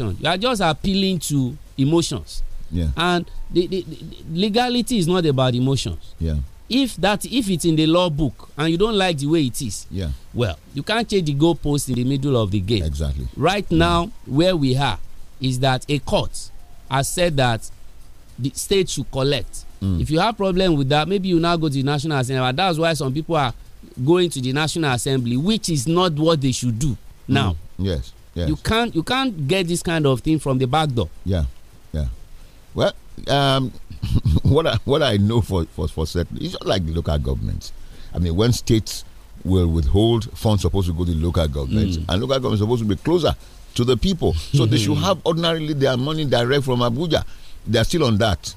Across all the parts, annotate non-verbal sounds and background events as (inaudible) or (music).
you are just appealing to emotions. Yeah. And the, the, the, legality is not about emotions. Yeah. If that if it's in the law book and you don't like the way it is, yeah. Well, you can't change the goalpost in the middle of the game. Exactly. Right yeah. now, where we are is that a court has said that the state should collect. Mm. If you have problem with that, maybe you now go to the National Assembly. That's why some people are going to the National Assembly, which is not what they should do mm. now. Mm. Yes Yes. You can't you can't get this kind of thing from the back door. Yeah, yeah. Well, um, (laughs) what I, what I know for for for certain, it's not like the local governments. I mean, when states will withhold funds supposed to go to the local governments, mm. and local governments supposed to be closer to the people, so they should (laughs) have ordinarily their money direct from Abuja. They are still on that.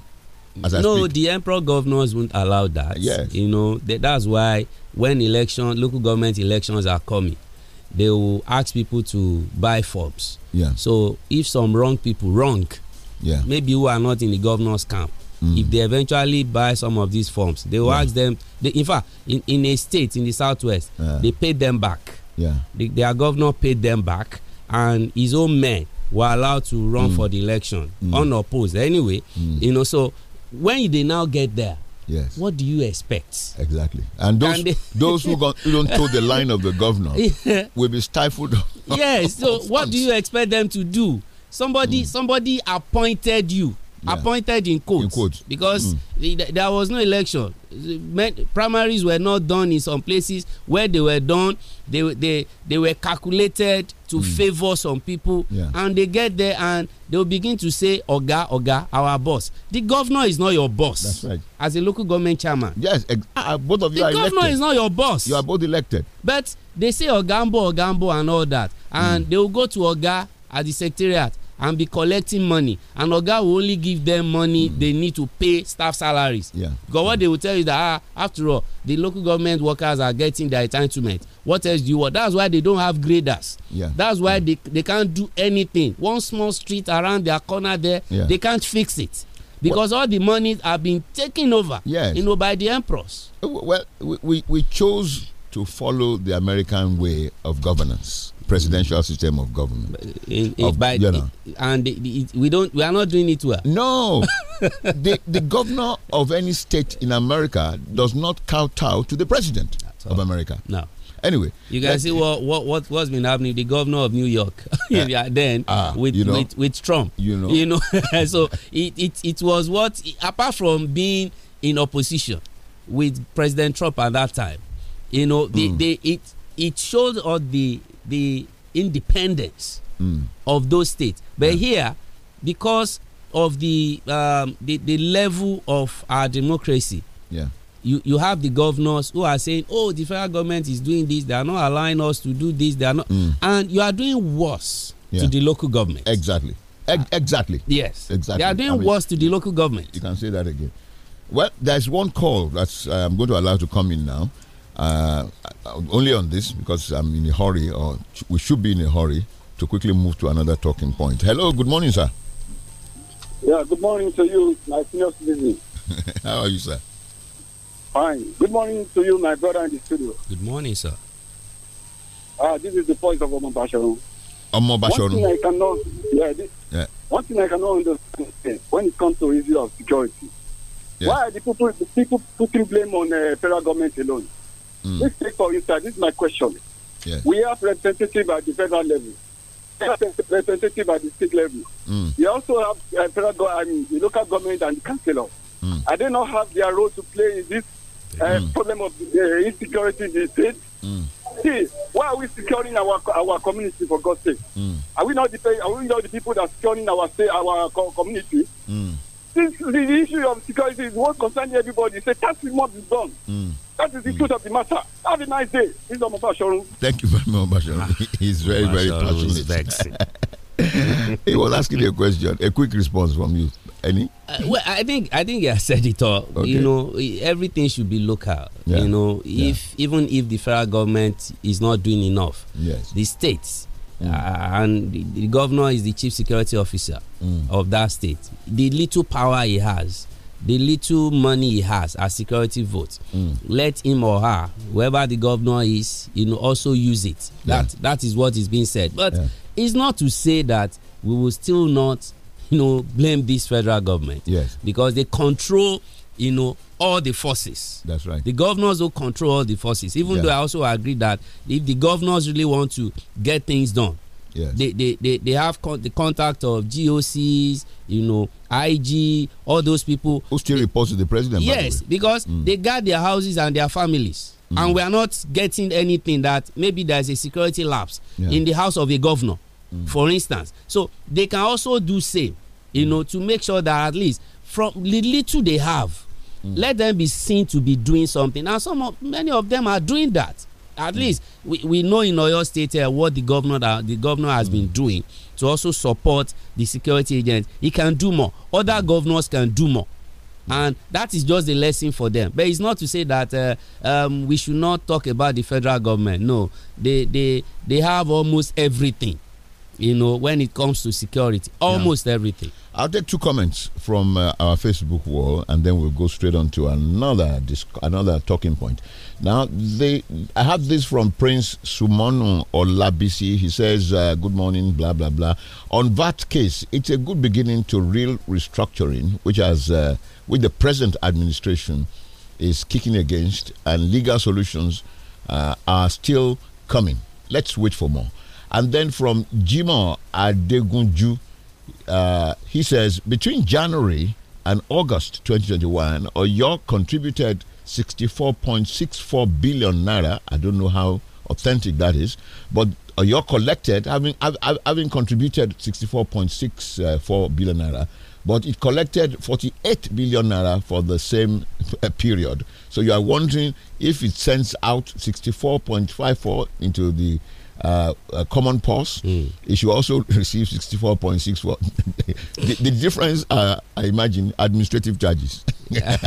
no, the emperor governors won't allow that. Yes. you know that, that's why when election, local government elections are coming they will ask people to buy forms. Yeah. So if some wrong people, wrong, yeah. maybe who are not in the governor's camp, mm. if they eventually buy some of these forms, they will yeah. ask them. They, in fact, in, in a state in the southwest, uh, they paid them back. Yeah. The, their governor paid them back, and his own men were allowed to run mm. for the election mm. unopposed. Anyway, mm. you know, so when they now get there, Yes. What do you expect? Exactly. And those and those who, go, who don't toe the line of the governor (laughs) yeah. will be stifled. Yes. so (laughs) what do you expect them to do? Somebody mm. somebody appointed you yeah. appointed in court, in court. because mm. the, the, there was no election Men, primaries were not done in some places where they were done they they they were calculated to mm. favour some people yeah. and they get there and they will begin to say oga oga our boss the governor is not your boss right. as a local government chairman yes uh, both of you the are elected the governor is not your boss you are both elected but they say ogambo ogambo and all that and mm. they will go to oga at the secretariat and be collecting money and oga will only give them money mm. they need to pay staff salaries yeah. because what they will tell you that ah, after all the local government workers are getting their entitlement what else do you want that's why they don't have graders yeah. that's why yeah. they, they can't do anything one small street around their corner there yeah. they can't fix it because well, all the money have been taken over yes. you know by the emperors well we, we, we chose to follow the american way of governance presidential system of government. It, it, eh, eh, of, but, you know. it, eh, and it, we don't we are not doing it well. No, (laughs) the the governor of any state in America does not kowtow to the president of America. No. Anyway, you can see what what what has been happening. The governor of New York, (laughs) yeah, then uh, with, you know, with with Trump, you know, you know. (laughs) so it, it it was what apart from being in opposition with President Trump at that time, you know, they, mm. they it it shows all the the independence mm. of those states. But yeah. here, because of the, um, the the level of our democracy, yeah, you you have the governors who are saying, "Oh, the federal government is doing this. They are not allowing us to do this. They are not," mm. and you are doing worse yeah. to the local government. Exactly. E ah. exactly. Yes. Exactly. They are doing I mean, worse to the local government. You can say that again. Well, there's one call that um, I'm going to allow to come in now. Uh, only on this because I'm in a hurry, or we should be in a hurry to quickly move to another talking point. Hello, good morning, sir. Yeah, good morning to you, my senior citizen. (laughs) How are you, sir? Fine. Good morning to you, my brother in the studio. Good morning, sir. Ah, uh, this is the voice of Omo Basharun. One thing I cannot, yeah, this, yeah. One thing I cannot understand eh, when it comes to issue of security. Yeah. Why are the people, the people putting blame on the uh, federal government alone? Mm. Let's for instance, this is my question. Yes. We have representative at the federal level. We have representative at the state level. Mm. We also have uh, federal, and the local government and the councillor. Mm. I do not have their role to play in this uh, mm. problem of uh, insecurity in the state. Mm. See, why are we securing our our community for God's sake? Mm. Are we not the are we not the people that securing our our co community? Mm since the issue of security is what concerns everybody, say that is must be done. Mm. That is the mm. truth of the matter. Have a nice day. This is Omo Thank you very much, Basharun. Ah, (laughs) He's very, very passionate. (laughs) he was asking you a question. A quick response from you. Any? Uh, well, I think I think you said it all. Okay. You know, everything should be local. Yeah. You know, if yeah. even if the federal government is not doing enough, yes. the states Mm. Uh, and the, the, governor is the chief security officer mm. of that state. The little power he has, the little money he has as security vote, mm. let him or her, whoever the governor is, you know, also use it. Yeah. That that is what is being said. But yeah. it's not to say that we will still not, you know, blame this federal government. Yes, because they control you know all the forces. That's right. The governors will control all the forces. Even yeah. though I also agree that if the governors really want to get things done, yes. they, they, they, they have con the contact of GOCs, you know, IG, all those people. Who still reports to the president? Yes, the because mm. they guard their houses and their families. Mm. And we are not getting anything that maybe there's a security lapse yeah. in the house of a governor, mm. for instance. So they can also do same, you mm. know, to make sure that at least from the little they have, Mm. Let them be seen to be doing something. And some of, many of them are doing that. At mm. least we, we know in Oyo State uh, what the governor uh, the governor has mm. been doing to also support the security agents. He can do more. Other mm. governors can do more. And that is just a lesson for them. But it's not to say that uh, um, we should not talk about the federal government. No, they they they have almost everything you know, when it comes to security, almost yeah. everything. I'll take two comments from uh, our Facebook wall, and then we'll go straight on to another another talking point. Now, they, I have this from Prince Sumonu Olabisi. He says, uh, "Good morning, blah blah blah." On that case, it's a good beginning to real restructuring, which has uh, with the present administration is kicking against, and legal solutions uh, are still coming. Let's wait for more. And then from Jimo Adegunju, uh, he says between January and August 2021, Oyo contributed 64.64 billion naira. I don't know how authentic that is, but Oyo collected, having having contributed 64.64 billion naira, but it collected 48 billion naira for the same (laughs) period. So you are wondering if it sends out 64.54 into the uh, common pause. Mm. should also receive 64.64. (laughs) the, the, difference, uh, I imagine, administrative charges. (laughs) (laughs) That's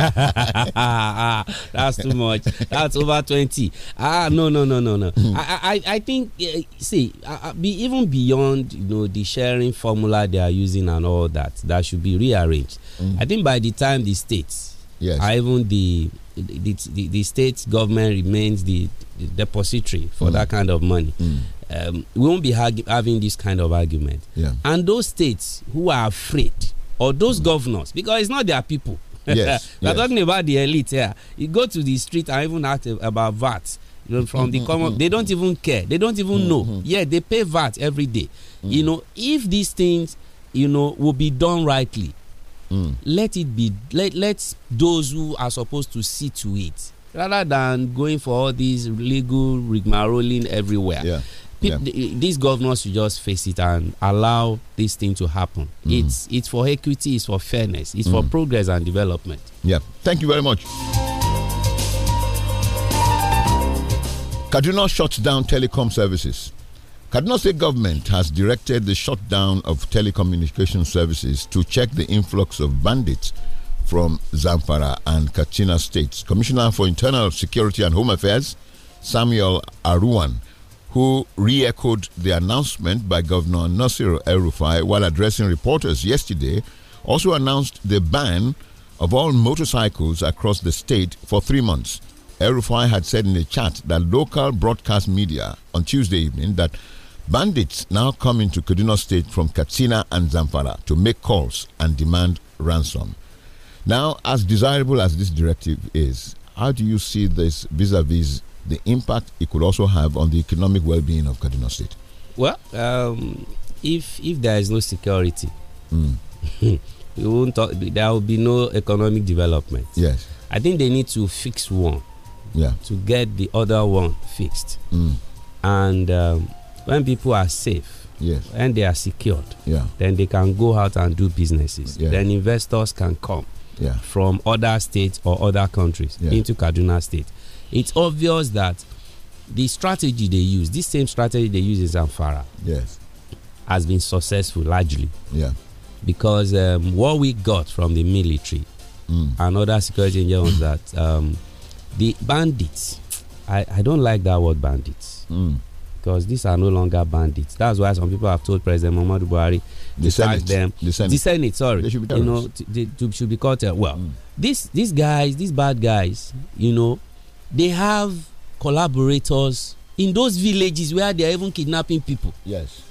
too much. That's over 20. Ah, no, no, no, no, no. Mm. I, I, I think, eh, see, be even beyond you know the sharing formula they are using and all that, that should be rearranged. Mm. I think by the time the states Yes. even the the, the, the state government remains the, the depository for mm. that kind of money. Mm. Um, we won't be having this kind of argument. Yeah. And those states who are afraid, or those mm. governors, because it's not their people. (laughs) Yes, We're yes. talking about the elite here. You go to the street and even ask about VAT you know, from mm -hmm, the mm-hmm, common. Mm -hmm. They don't mm-hmm. even care. They don't even mm -hmm. know. Mm-hmm. Yeah, they pay VAT every day. You mm. know, if these things, you know, will be done rightly, mm. let it be let let those who are supposed to see to it rather than going for all these legal rigmaroling everywhere. Yeah. Yeah. These governors should just face it and allow this thing to happen. Mm. It's it's for equity, it's for fairness, it's mm. for progress and development. Yeah. Thank you very much. Kaduna shuts down telecom services. Kaduna State government has directed the shutdown of telecommunication services to check the influx of bandits from Zamfara and Katsina states. Commissioner for Internal Security and Home Affairs, Samuel Aruan, who re echoed the announcement by Governor Nasir Erufai while addressing reporters yesterday, also announced the ban of all motorcycles across the state for three months. Erufai had said in a chat that local broadcast media on Tuesday evening that Bandits now come into Kaduna State from Katsina and Zamfara to make calls and demand ransom. Now, as desirable as this directive is, how do you see this vis a vis the impact it could also have on the economic well being of Kaduna State? Well, um, if, if there is no security, mm. (laughs) we won't talk, there will be no economic development. Yes. I think they need to fix one yeah. to get the other one fixed. Mm. And um, when people are safe yes they are secured yeah then they can go out and do businesses yeah. then investors can come yeah. from other states or other countries yeah. into kaduna state it's obvious that the strategy they use this same strategy they use in zamfara yes has been successful largely yeah because um, what we got from the military mm. and other security agents that um, the bandits I, I don't like that word bandits mm because these are no longer bandits. That's why some people have told President Muhammadu Buhari the to Senate, them. The Senate. the Senate, sorry, they should be terrorists. you know, they should be caught. Uh, well, mm. these these guys, these bad guys, you know, they have collaborators in those villages where they are even kidnapping people. Yes,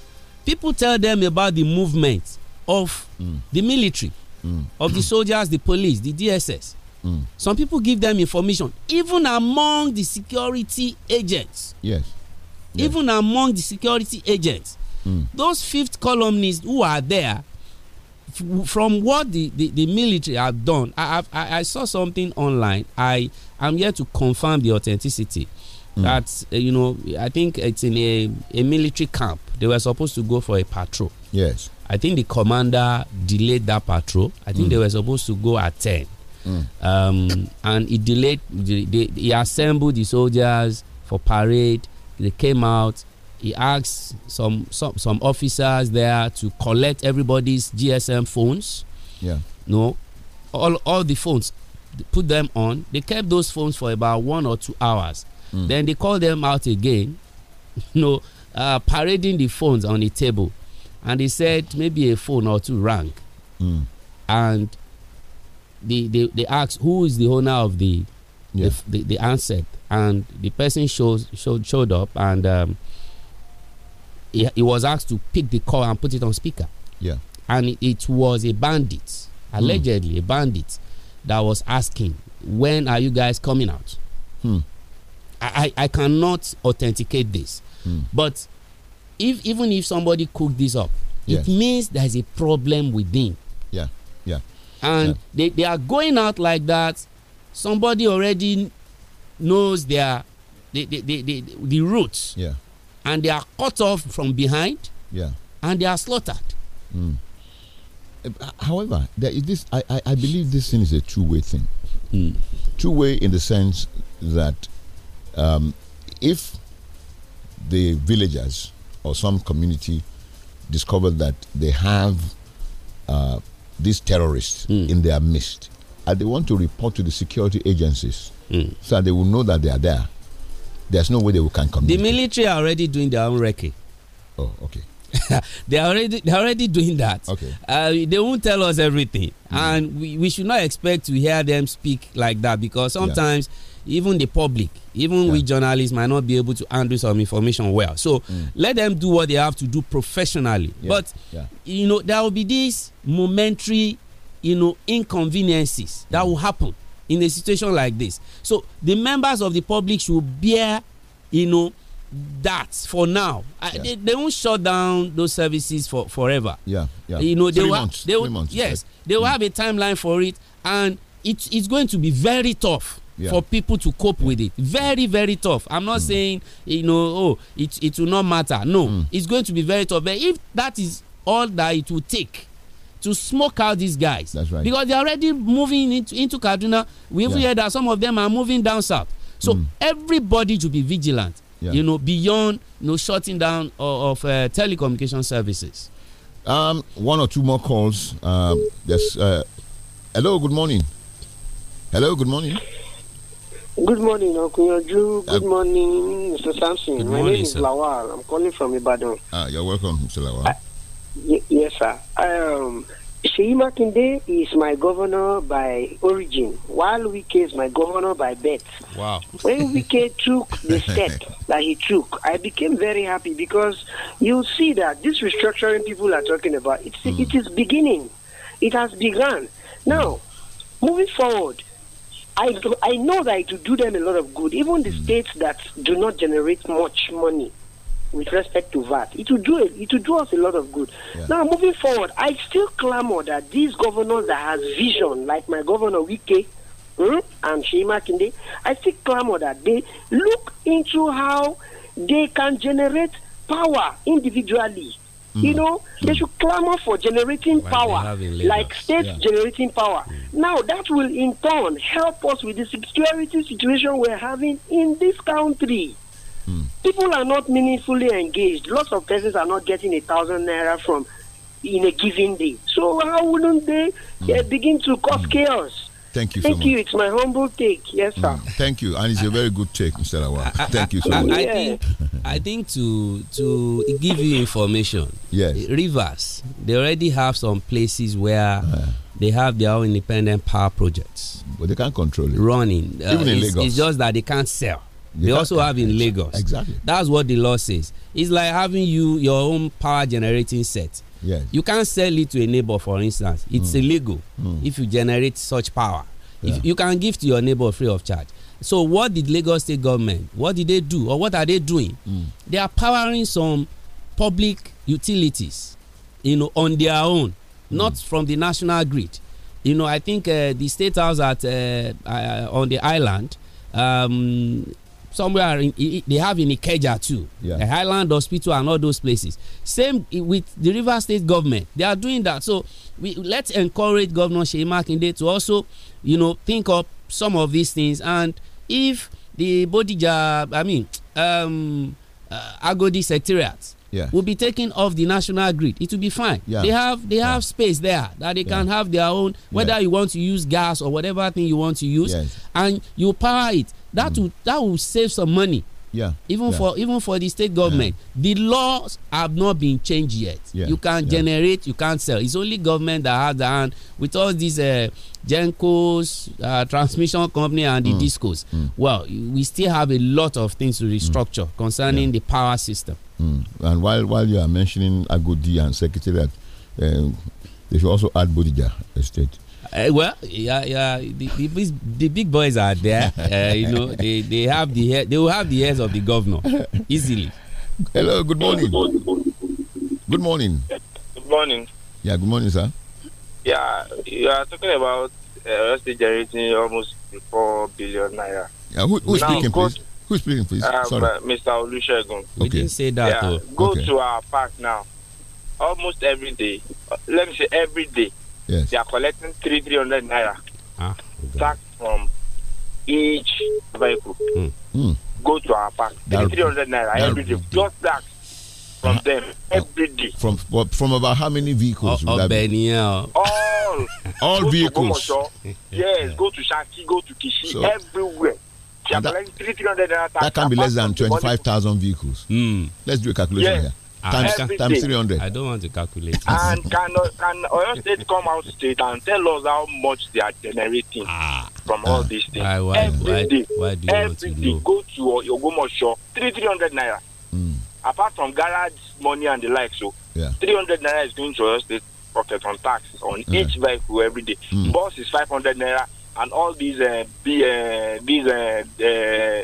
people tell them about the movement of mm. the military, mm. of the soldiers, the police, the DSS. Mm. Some people give them information, even among the security agents. Yes yes. even among the security agents mm. those fifth columnists who are there from what the, the, the, military have done I, I, I saw something online i am yet to confirm the authenticity mm. that uh, you know i think it's in a, a military camp they were supposed to go for a patrol yes i think the commander delayed that patrol i think mm. they were supposed to go at 10 mm. um, and he delayed they, he assembled the soldiers for parade they came out. He asked some some, some officers there to collect everybody's GSM phones. Yeah. No, all all the phones, put them on. They kept those phones for about one or two hours. Mm. Then they called them out again. (laughs) You know, uh, parading the phones on the table, and they said maybe a phone or two rang, mm. and they, they they asked who is the owner of the yeah. the, the, the answer and the person shows showed, showed up and um, he, he was asked to pick the call and put it on speaker yeah and it, it was a bandit hmm. allegedly mm. a bandit that was asking when are you guys coming out hmm. I, I, I cannot authenticate this Hmm. but if even if somebody cooked this up yes. it means there's a problem within yeah yeah and yeah. They, they are going out like that somebody already knows their the the the, the, the roots. Yeah. And they are cut off from behind. Yeah. And they are slaughtered. Mm. However, there is this. I, I, I believe this thing is a two-way thing. Mm. Two-way in the sense that um, if the villagers or some community discover that they have uh, these terrorists mm. in their midst, and they want to report to the security agencies mm. so that they will know that they are there. There's no way they can come. The military are already doing their own wrecking. Oh, okay. (laughs) they are already they are already doing that. Okay. Uh, they won't tell us everything, mm. and we, we should not expect to hear them speak like that because sometimes. Yeah even the public, even yeah. we journalists might not be able to handle some information well. So mm. let them do what they have to do professionally. Yeah. But yeah. you know, there will be this momentary you know inconveniences that will happen in a situation like this so the members of the public should bear you know that for now yeah. I, they, they, won't shut down those services for forever yeah yeah you know they Three will months. they will months, yes right. they will mm. have a timeline for it and it, it's going to be very tough yeah. for people to cope yeah. with it very very tough i'm not mm. saying you know oh it it will not matter no mm. it's going to be very tough but if that is all that it will take to smoke out these guys. That's right. Because they're already moving into, into Kaduna. We even yeah. hear that some of them are moving down south. So mm. everybody should be vigilant, yeah. you know, beyond you know, shutting down of, of uh, telecommunication services. Um, one or two more calls. Um, yes. Uh, hello. Good morning. Hello. Good morning. Good morning, Okunyoju. Good um, morning, Mr. Sampson. My name is sir. Lawal. I'm calling from Ibadan. Ah, you're welcome, Mr. Lawal. I Y yes, sir. Um, Sheima Kinde is my governor by origin, while Wike is my governor by birth. Wow. when Wike (laughs) took the step (laughs) that he took, I became very happy because you see that this restructuring people are talking about, it's, mm. it is beginning. It has begun. Now, moving forward, I, I know that it will do them a lot of good. Even the mm. states that do not generate much money, with respect to VAT. It will do it, it will do us a lot of good. Yeah. Now moving forward, I still clamor that these governors that has vision, like my governor Wike hmm, and Shima Kinde, I still clamor that they look into how they can generate power individually. Mm. You know, mm. they should clamor for generating power, like states yeah. generating power. Mm. Now, that will in turn help us with the security situation we're having in this country. Mm. People are not meaningfully engaged. Lots of persons are not getting a thousand naira from in a given day. So how wouldn't they uh, begin to cause hmm. chaos? Thank you. Thank so you. Much. It's my humble take. Yes, sir. Mm, thank you, and it's a very good take, Mr. Awa. Thank you so I, much. I think, I think to to give you information. Yes. Rivers, they already have some places where. Uh-huh. they have their own independent power projects. But they can't control it. Running. Uh, Even in it's, Lagos. It's just that they can't sell. They yeah, also have in Lagos. Exactly. That's what the law says. It's like having you your own power generating set. Yes. You can't sell it to a neighbor, for instance. It's mm. illegal mm. if you generate such power. Yeah. If you can give to your neighbor free of charge. So what did Lagos state government? What did they do, or what are they doing? Mm. They are powering some public utilities, you know, on their own, hmm. not from the national grid. You know, I think uh, the state house at uh, uh, on the island um, somewhere in, they have in Ikeja too, yeah. Highland Hospital and all those places. Same with the River State government, they are doing that. So we let's encourage Governor Shea to also, you know, think up some of these things. And if the Bodija, I mean, um, uh, Agodi Secretariat yes. will be taken off the national grid. It will be fine. Yes. They have they have space there that they can have their own whether you want to use gas or whatever thing you want to use, and you power it. That mm. will that will save some money. Yeah. Even for even for the state government, the laws have not been changed yet. You can generate, you can't sell. It's only government that has the hand with all these. Uh, Genco's uh, transmission company and the mm. discos. Mm. Well, we still have a lot of things to restructure mm. concerning yeah. the power system. Mm. And while while you are mentioning Agodi and Secretariat, um, they should also add Bodija Estate. Uh, well, yeah, yeah. The, the, the, big boys are there. Uh, (laughs) you know, they, they have the they will have the ears of the governor easily. Hello. Good morning. Good morning. Good morning. Yeah. Good morning, sir. Yeah, you are talking about uh, generating almost four billion naira. Yeah, who, who's now, speaking, please? Who's speaking, please? Um, Sorry. Uh, Mr. Olusegun. Okay. We didn't say that. Yeah. Go okay. to our park now. Almost every day, uh, let me say every day, yes. they are collecting three three hundred naira ah, tax from each vehicle. Mm. Mm. Go to our park. Three hundred naira every day. Just that from uh, them every day. Uh, from from about how many vehicles? Oh, oh, all all vehicles. (laughs) yes, go to Shaki, go to Kishi, so, everywhere. That, that, can be less than 25,000 vehicles. Mm. Let's do a calculation here. Ah. Times, times 300. I don't want to calculate. and can, uh, can Oyo State come out straight and tell us how much they are generating ah, from ah, all these things? Why, why, why, why, do you to day, know? to Ogomosho, 300 naira. Mm. Apart from garage money and the like, so yeah. 300 naira is going to Oyo State pocket on tax on each vehicle every day. Mm. Bus is 500 naira and all these uh, be, uh, these uh, uh,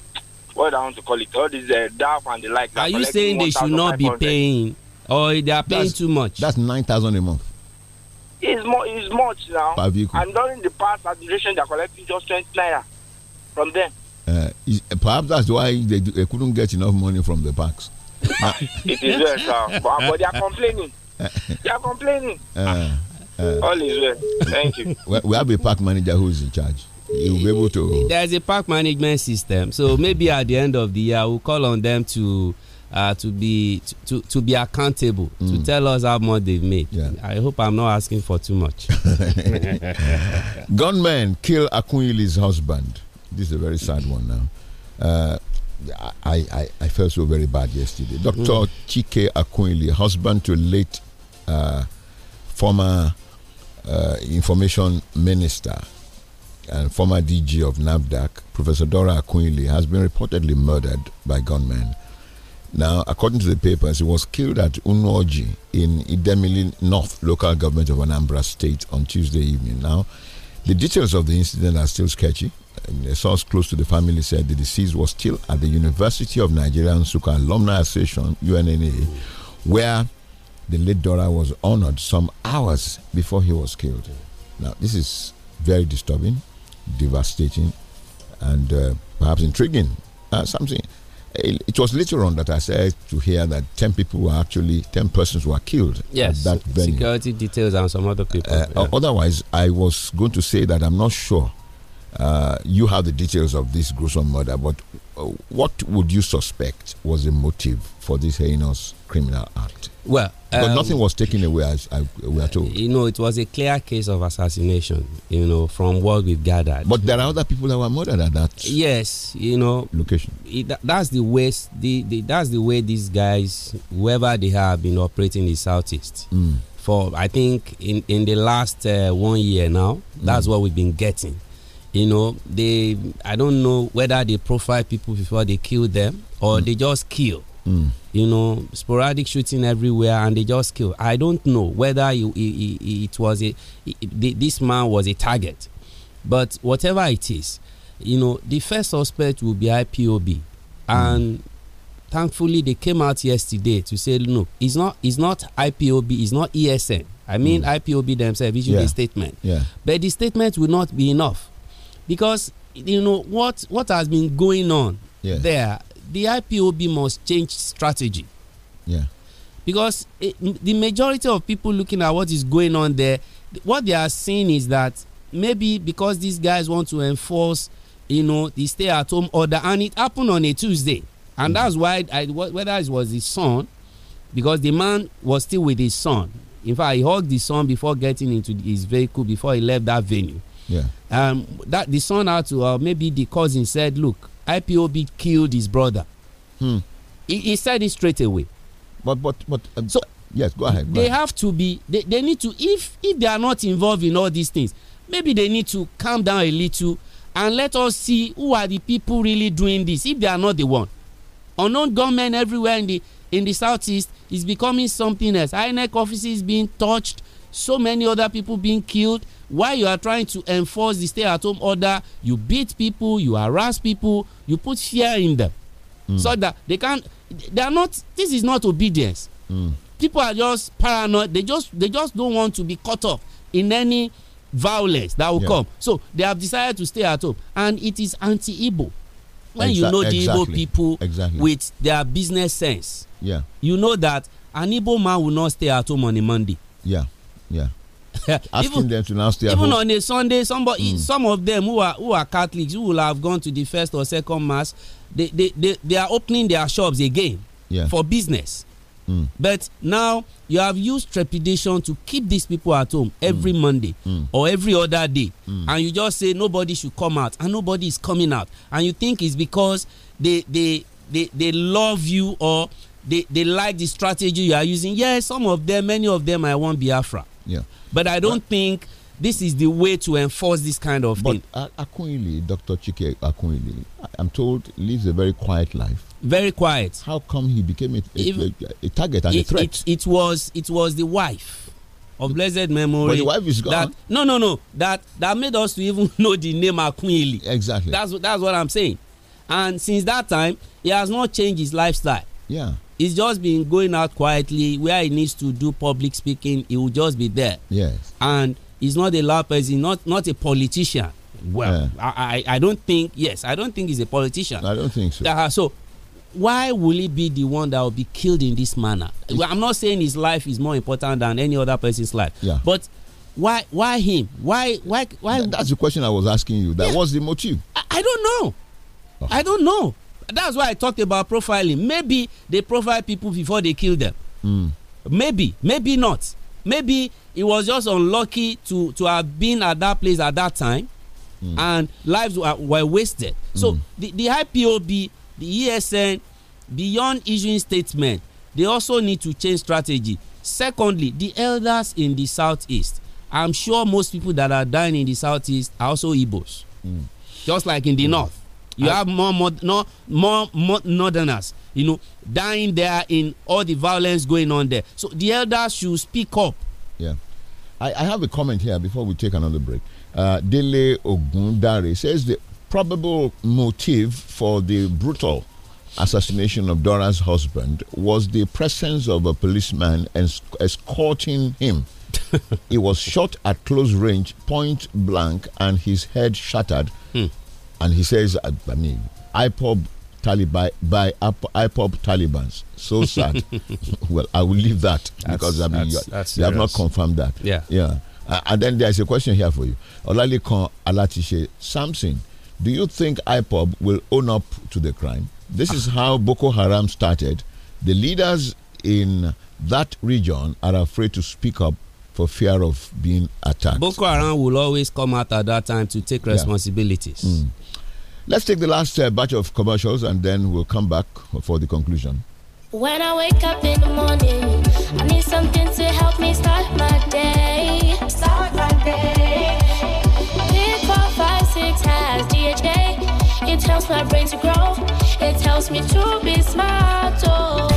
what I want to call it, all these uh, DAF and the like. Are you saying they should not be paying, or they are paying that's, too much? That's nine thousand a month. It's more, it's much now. And during the past administration, they're collecting just twenty naira from them. Uh, is, uh, perhaps that's why they, they, couldn't get enough money from the banks. (laughs) it is yes, uh, But, but they are complaining. (laughs) They are complaining. Uh. Uh, All is well. Thank you. (laughs) we have a park manager who is in charge. You'll be able to. There's a park management system, so maybe at the end of the year we'll call on them to. Uh, to be to, to be accountable mm. to tell us how much they've made. Yeah. I hope I'm not asking for too much. (laughs) Gunmen kill Akunyili's husband. This is a very sad one now. Uh, I, I, I felt so very bad yesterday. Dr. Mm. Chike Akunyili, husband to late uh, former uh, Information Minister and former DG of NABDAC, Professor Dora Akunili, has been reportedly murdered by gunmen. Now, according to the papers, he was killed at Unoji in Idemili North, local government of Anambra State, on Tuesday evening. Now, the details of the incident are still sketchy. A source close to the family said the deceased was still at the University of Nigeria Nsukka Alumni Association, UNNA, where the late Dora was honored some hours before he was killed. Now, this is very disturbing, devastating, and uh, perhaps intriguing. Uh, something. It, was later on that I said to hear that 10 people were actually, 10 persons were killed. Yes, that venue. security details and some other people. Uh, yeah. Otherwise, I was going to say that I'm not sure uh, you have the details of this gruesome murder, but uh, what would you suspect was the motive for this heinous criminal act? Well, but um, nothing was taken away, as I, we are told. You know, it was a clear case of assassination. You know, from what we've gathered. But there are other people that were murdered at that. Yes, you know, location. It, that's the way the, the, that's the way these guys, whoever they have, been operating in the southeast. Mm. For I think in in the last uh, one year now, that's mm. what we've been getting you know they i don't know whether they profile people before they kill them or mm. they just kill mm. you know sporadic shooting everywhere and they just kill i don't know whether you, it, it, it, was a it, this man was a target but whatever it is you know the first suspect will be ipob mm. and mm. thankfully they came out yesterday to say no it's not it's not ipob it's not esn i mean mm. ipob themselves issued yeah. a statement yeah. but the statement will not be enough because you know what what has been going on yeah. there the ipob must change strategy yeah because it, eh, the majority of people looking at what is going on there what they are seeing is that maybe because these guys want to enforce you know the stay at home order and it happened on a tuesday and mm. that's why i whether it was his son because the man was still with his son in fact he hugged his son before getting into his vehicle before he left that venue yeah um, that the son had to uh, maybe the cousin said look ipob killed his brother hmm. he, he, said it straight away but but but um, so yes go ahead go they ahead. have to be they, they need to if if they are not involved in all these things maybe they need to calm down a little and let us see who are the people really doing this if they are not the one unknown gunmen everywhere in the in the southeast is becoming something else inec offices being touched so many other people being killed while you are trying to enforce the stay at home order you beat people you harass people you put fear in them mm. so that they can't they are not this is not obedience mm. people are just paranoid they just they just don't want to be caught up in any violence that will yeah. come so they have decided to stay at home and it is anti-ebola. when Exa you know the exactly. people exactly. with their business sense yeah you know that an ebola man will not stay at home on a Monday yeah yeah asking even, them to now stay even on a sunday somebody mm. some of them who are who are catholics who will have gone to the first or second mass they they they, they are opening their shops again yeah. for business mm. but now you have used trepidation to keep these people at home hmm. every mm. monday hmm. or every other day hmm. and you just say nobody should come out and nobody is coming out and you think it's because they they they, they love you or they, they like the strategy you are using. Yes, some of them, many of them, I want Biafra. Yeah. But I don't but, think this is the way to enforce this kind of but thing. But Akuili, Dr. Chike Akuili, I'm told lives a very quiet life. Very quiet. How come he became a, a, if, a target and it, a threat? It, it, was it was the wife of blessed memory. But the wife is gone. That, no, no, no. That that made us to even (laughs) know the name Akuili. Exactly. That's that's what I'm saying. And since that time, he has not changed his lifestyle. Yeah he's just been going out quietly where he needs to do public speaking he will just be there yes and he's not a loud person not not a politician well yeah. I, I, I don't think yes i don't think he's a politician i don't think so uh, so why will he be the one that will be killed in this manner i'm not saying his life is more important than any other person's life yeah but why why him why why why that's the question i was asking you that yeah. was the motive i, I don't know oh. i don't know that's why i talked about profiling maybe they profile people before they kill them mm. maybe maybe not maybe it was just unlucky to to have been at that place at that time mm. and lives were, were wasted so mm. the, the ipob the esn beyond issuing statement they also need to change strategy secondly the elders in the southeast i'm sure most people that are dying in the southeast are also igbos hmm. just like in the hmm. north you I, have more, more, no, more, more northerners, you know, dying there in all the violence going on there. So the elders should speak up. Yeah. I, I have a comment here before we take another break. Uh, Dele Ogundare says the probable motive for the brutal assassination of Dora's husband was the presence of a policeman esc escorting him. (laughs) he was shot at close range, point blank, and his head shattered. Hmm and he says, I, I mean, IPOB Taliban by IPOB Taliban's. So sad. (laughs) well, I will leave that that's, because I mean you, have not confirmed that. Yeah, yeah. Uh, and then there's a question here for you, Olalekan Alatishe Samson. Do you think IPOB will own up to the crime? This is how Boko Haram started. The leaders in that region are afraid to speak up for fear of being attacked. Boko Haram will always come out at that time to take responsibilities. Yeah. Mm. Let's take the last uh, batch of commercials and then we'll come back for the conclusion. When I wake up in the morning, I need something to help me start my day. Start my day. Pick four, five, six has DHA. It helps my brain to grow. It helps me to be smart. Oh.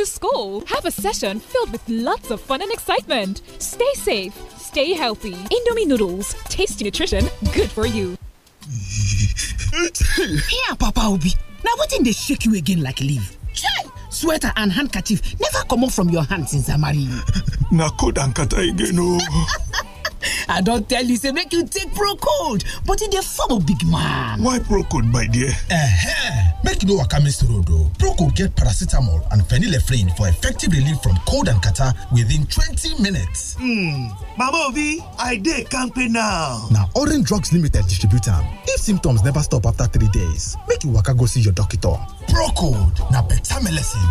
to school. Have a session filled with lots of fun and excitement. Stay safe, stay healthy. Indomie noodles, tasty nutrition, good for you. (laughs) Here, Papa Obi. Now, what in they shake you again like leaf? Chai! Sweater and handkerchief never come off from your hands since (laughs) I married you. Na code and kata again, oh. (laughs) i don't tell you say make you take procold but in the form of big man why procold my dear? eh make you no waka miss road oh. procold get paracetamol and phenylephrine for effective relief from cold and catar within 20 minutes hmm mama obi i dey pay now Now orange drugs limited distributor. if symptoms never stop after three days make you waka go see your doctor procold na beta melecine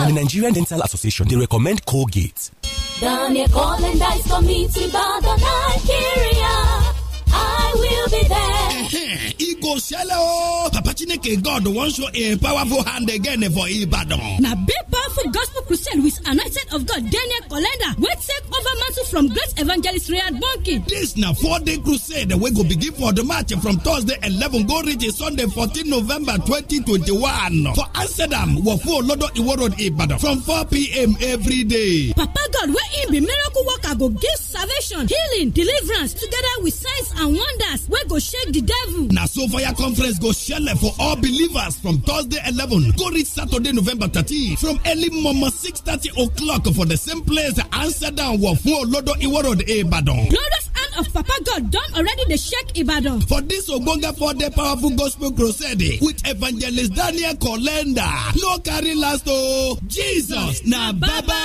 Now, the Nigerian Dental Association, they recommend Colgate. Daniel to I will be there. (laughs) go sell o. Papa Chineke God wants you a powerful hand again for Ibadan. Now, big powerful gospel crusade with anointing of God Daniel Kolenda wey take over mantle from great evangelist Riyad Bonke. This now four-day crusade wey go begin for the march from Thursday eleven go reach Sunday fourteen November twenty twenty-one for Amsterdam, Wofo Olodo Iwo Road, Ibadan from 4 pm every day. Papa God wey im be miracle worker go give salvation, healing, deliverance together with signs and wonders We go shake the devil. Now, so far prayer conference go shele for all believers from Thursday 11 go reach Saturday November 13 from early momo 6:30 o'clock for the same place answer down work lodo Olodo Iwo Road Ibadan. Glorious hand of Papa God done already the shake Ibadan. For this ogbonge for the powerful gospel crusade with evangelist Daniel Kolenda no carry last oh Jesus na Baba.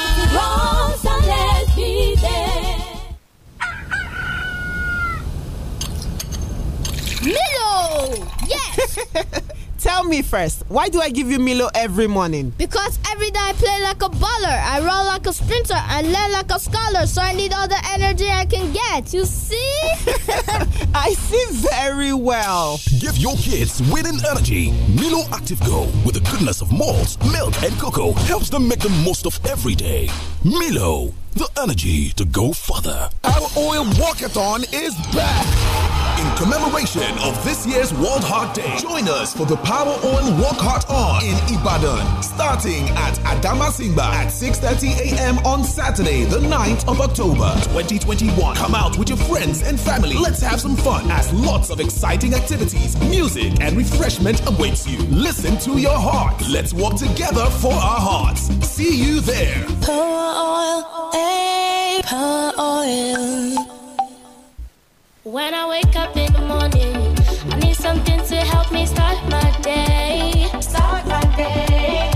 Mélòó Yes! (laughs) Tell me first, why do I give you Milo every morning? Because every day I play like a baller, I run like a sprinter, I learn like a scholar, so I need all the energy I can get. You see? (laughs) I see very well. Give your kids winning energy. Milo Active Go, with the goodness of malt, milk, and cocoa, helps them make the most of every day. Milo, the energy to go further. Our oil walkathon is back in commemoration of this year's World Heart Day, join us for the Power On Walk Heart On in Ibadan, starting at Adamasimba at 6.30 a.m. on Saturday, the 9th of October, 2021. Come out with your friends and family. Let's have some fun as lots of exciting activities, music, and refreshment awaits you. Listen to your heart. Let's walk together for our hearts. See you there. Power Oil, hey, eh, Power Oil. When I wake up in the morning, I need something to help me start my day. Start my day.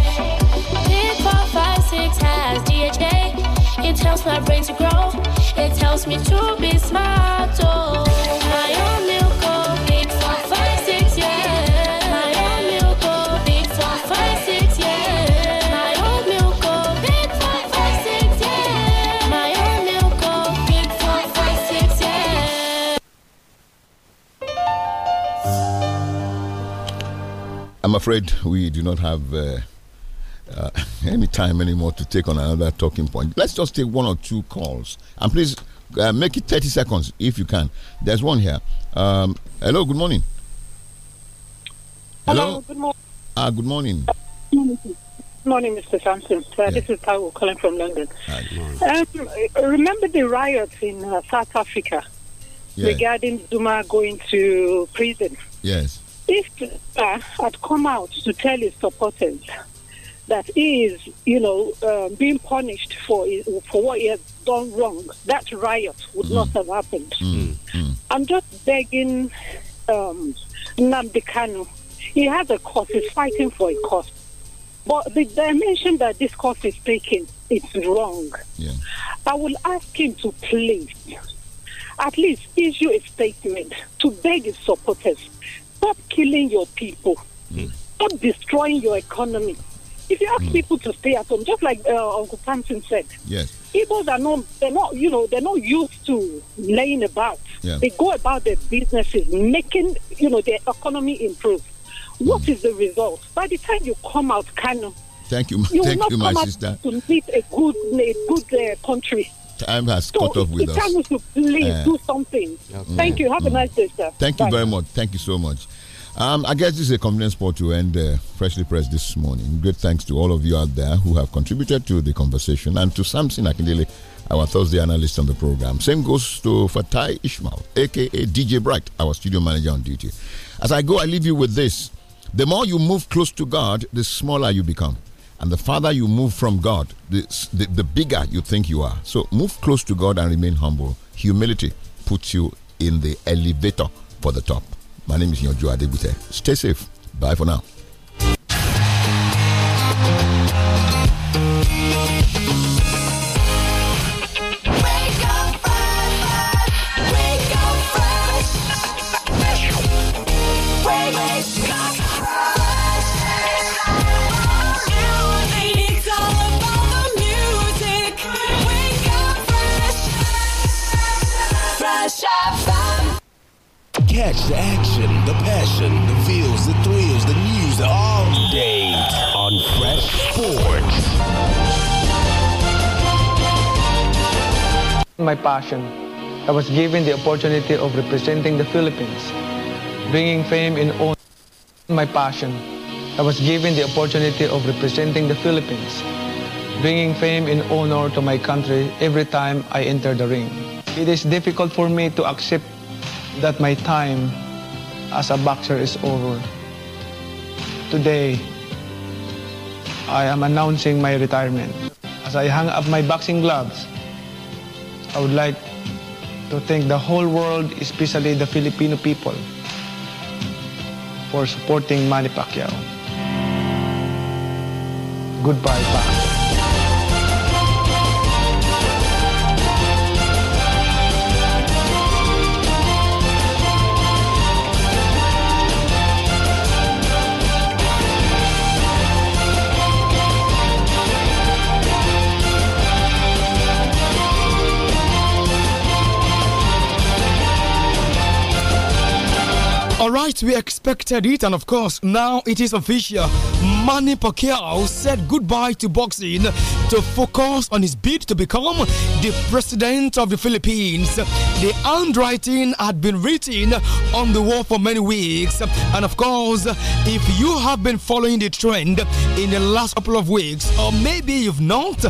Big four, five, six has DHA. It helps my brain to grow. It helps me to be smart. Oh, I'm afraid we do not have uh, uh, (laughs) any time anymore to take on another talking point. Let's just take one or two calls. And please uh, make it 30 seconds if you can. There's one here. Um, hello, good morning. Hello, hello good morning. Ah, good morning. Good morning, Mr. Sampson. Uh, yeah. This is Paul calling from London. Ah, um, remember the riots in uh, South Africa yeah. regarding Zuma going to prison? Yes if he had come out to tell his supporters that he is, you know, uh, being punished for for what he has done wrong, that riot would mm. not have happened. Mm. Mm. I'm just begging um, Kanu. He has a cause. He's fighting for a cause. But the dimension that this course is taking, it's wrong. Yeah. I will ask him to please, at least issue a statement to beg his supporters Stop killing your people. Mm. Stop destroying your economy. If you ask mm. people to stay at home, just like uh, Uncle Panton said, yes, people are not they're not you know they're not used to laying about. Yeah. They go about their businesses, making you know their economy improve. What mm. is the result? By the time you come out, Kano, thank you, you (laughs) thank will not you, come out to lead a good a good uh, country time has so caught off with us. Time to please uh, do something. Okay. Thank you. Have a mm. nice day, sir. Thank Bye. you very much. Thank you so much. Um, I guess this is a convenient spot to end uh, Freshly Pressed this morning. Great thanks to all of you out there who have contributed to the conversation and to Samson Akindele, our Thursday analyst on the program. Same goes to Fatai Ishmael, aka DJ Bright, our studio manager on duty. As I go, I leave you with this. The more you move close to God, the smaller you become. And the farther you move from God, the, the, the bigger you think you are. So move close to God and remain humble. Humility puts you in the elevator for the top. My name is Nyonjo Adebute. Stay safe. Bye for now. catch the action, the passion, the feels, the thrills, the news all day on Fresh Sports. My passion. I was given the opportunity of representing the Philippines, bringing fame in own my passion. I was given the opportunity of representing the Philippines, bringing fame and honor to my country every time I enter the ring. It is difficult for me to accept that my time as a boxer is over. Today, I am announcing my retirement. As I hang up my boxing gloves, I would like to thank the whole world, especially the Filipino people, for supporting Manny Pacquiao. Goodbye, Pacquiao. All right, we expected it, and of course, now it is official. Manny Pacquiao said goodbye to boxing to focus on his bid to become the president of the Philippines. The handwriting had been written on the wall for many weeks. And of course, if you have been following the trend in the last couple of weeks, or maybe you've not,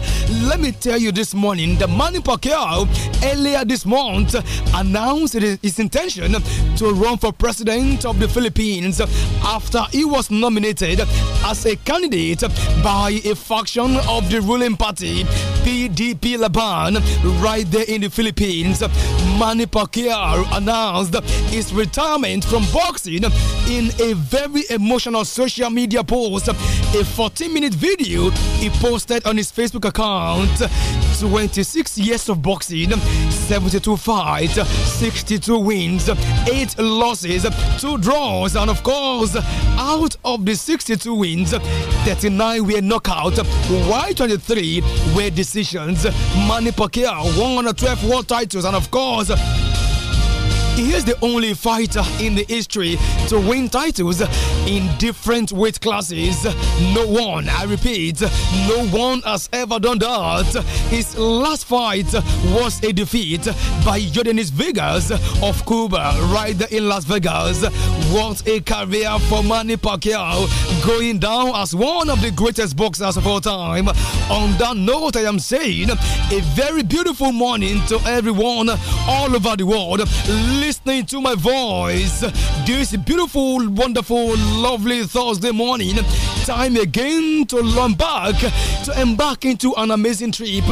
let me tell you this morning the Manny Pacquiao earlier this month announced his intention to run for president of the Philippines after he was nominated as a candidate by a faction of the ruling ruling party, PDP Laban, right there in the Philippines, Manny Pacquiao announced his retirement from boxing in a very emotional social media post. A 14 minute video he posted on his Facebook account. 26 years of boxing, 72 fights, 62 wins, 8 losses, 2 draws, and of course, out of the 62 wins, 39 were knockouts, while 23 were decisions. Manny Pacquiao won 12 world titles, and of course, he is the only fighter in the history to win titles in different weight classes. No one, I repeat, no one has ever done that. His last fight was a defeat by Jordanis Vegas of Cuba, right there in Las Vegas. What a career for Manny Pacquiao, going down as one of the greatest boxers of all time. On that note, I am saying a very beautiful morning to everyone all over the world. Live listening to my voice this beautiful, wonderful, lovely Thursday morning time again to embark, to embark into an amazing trip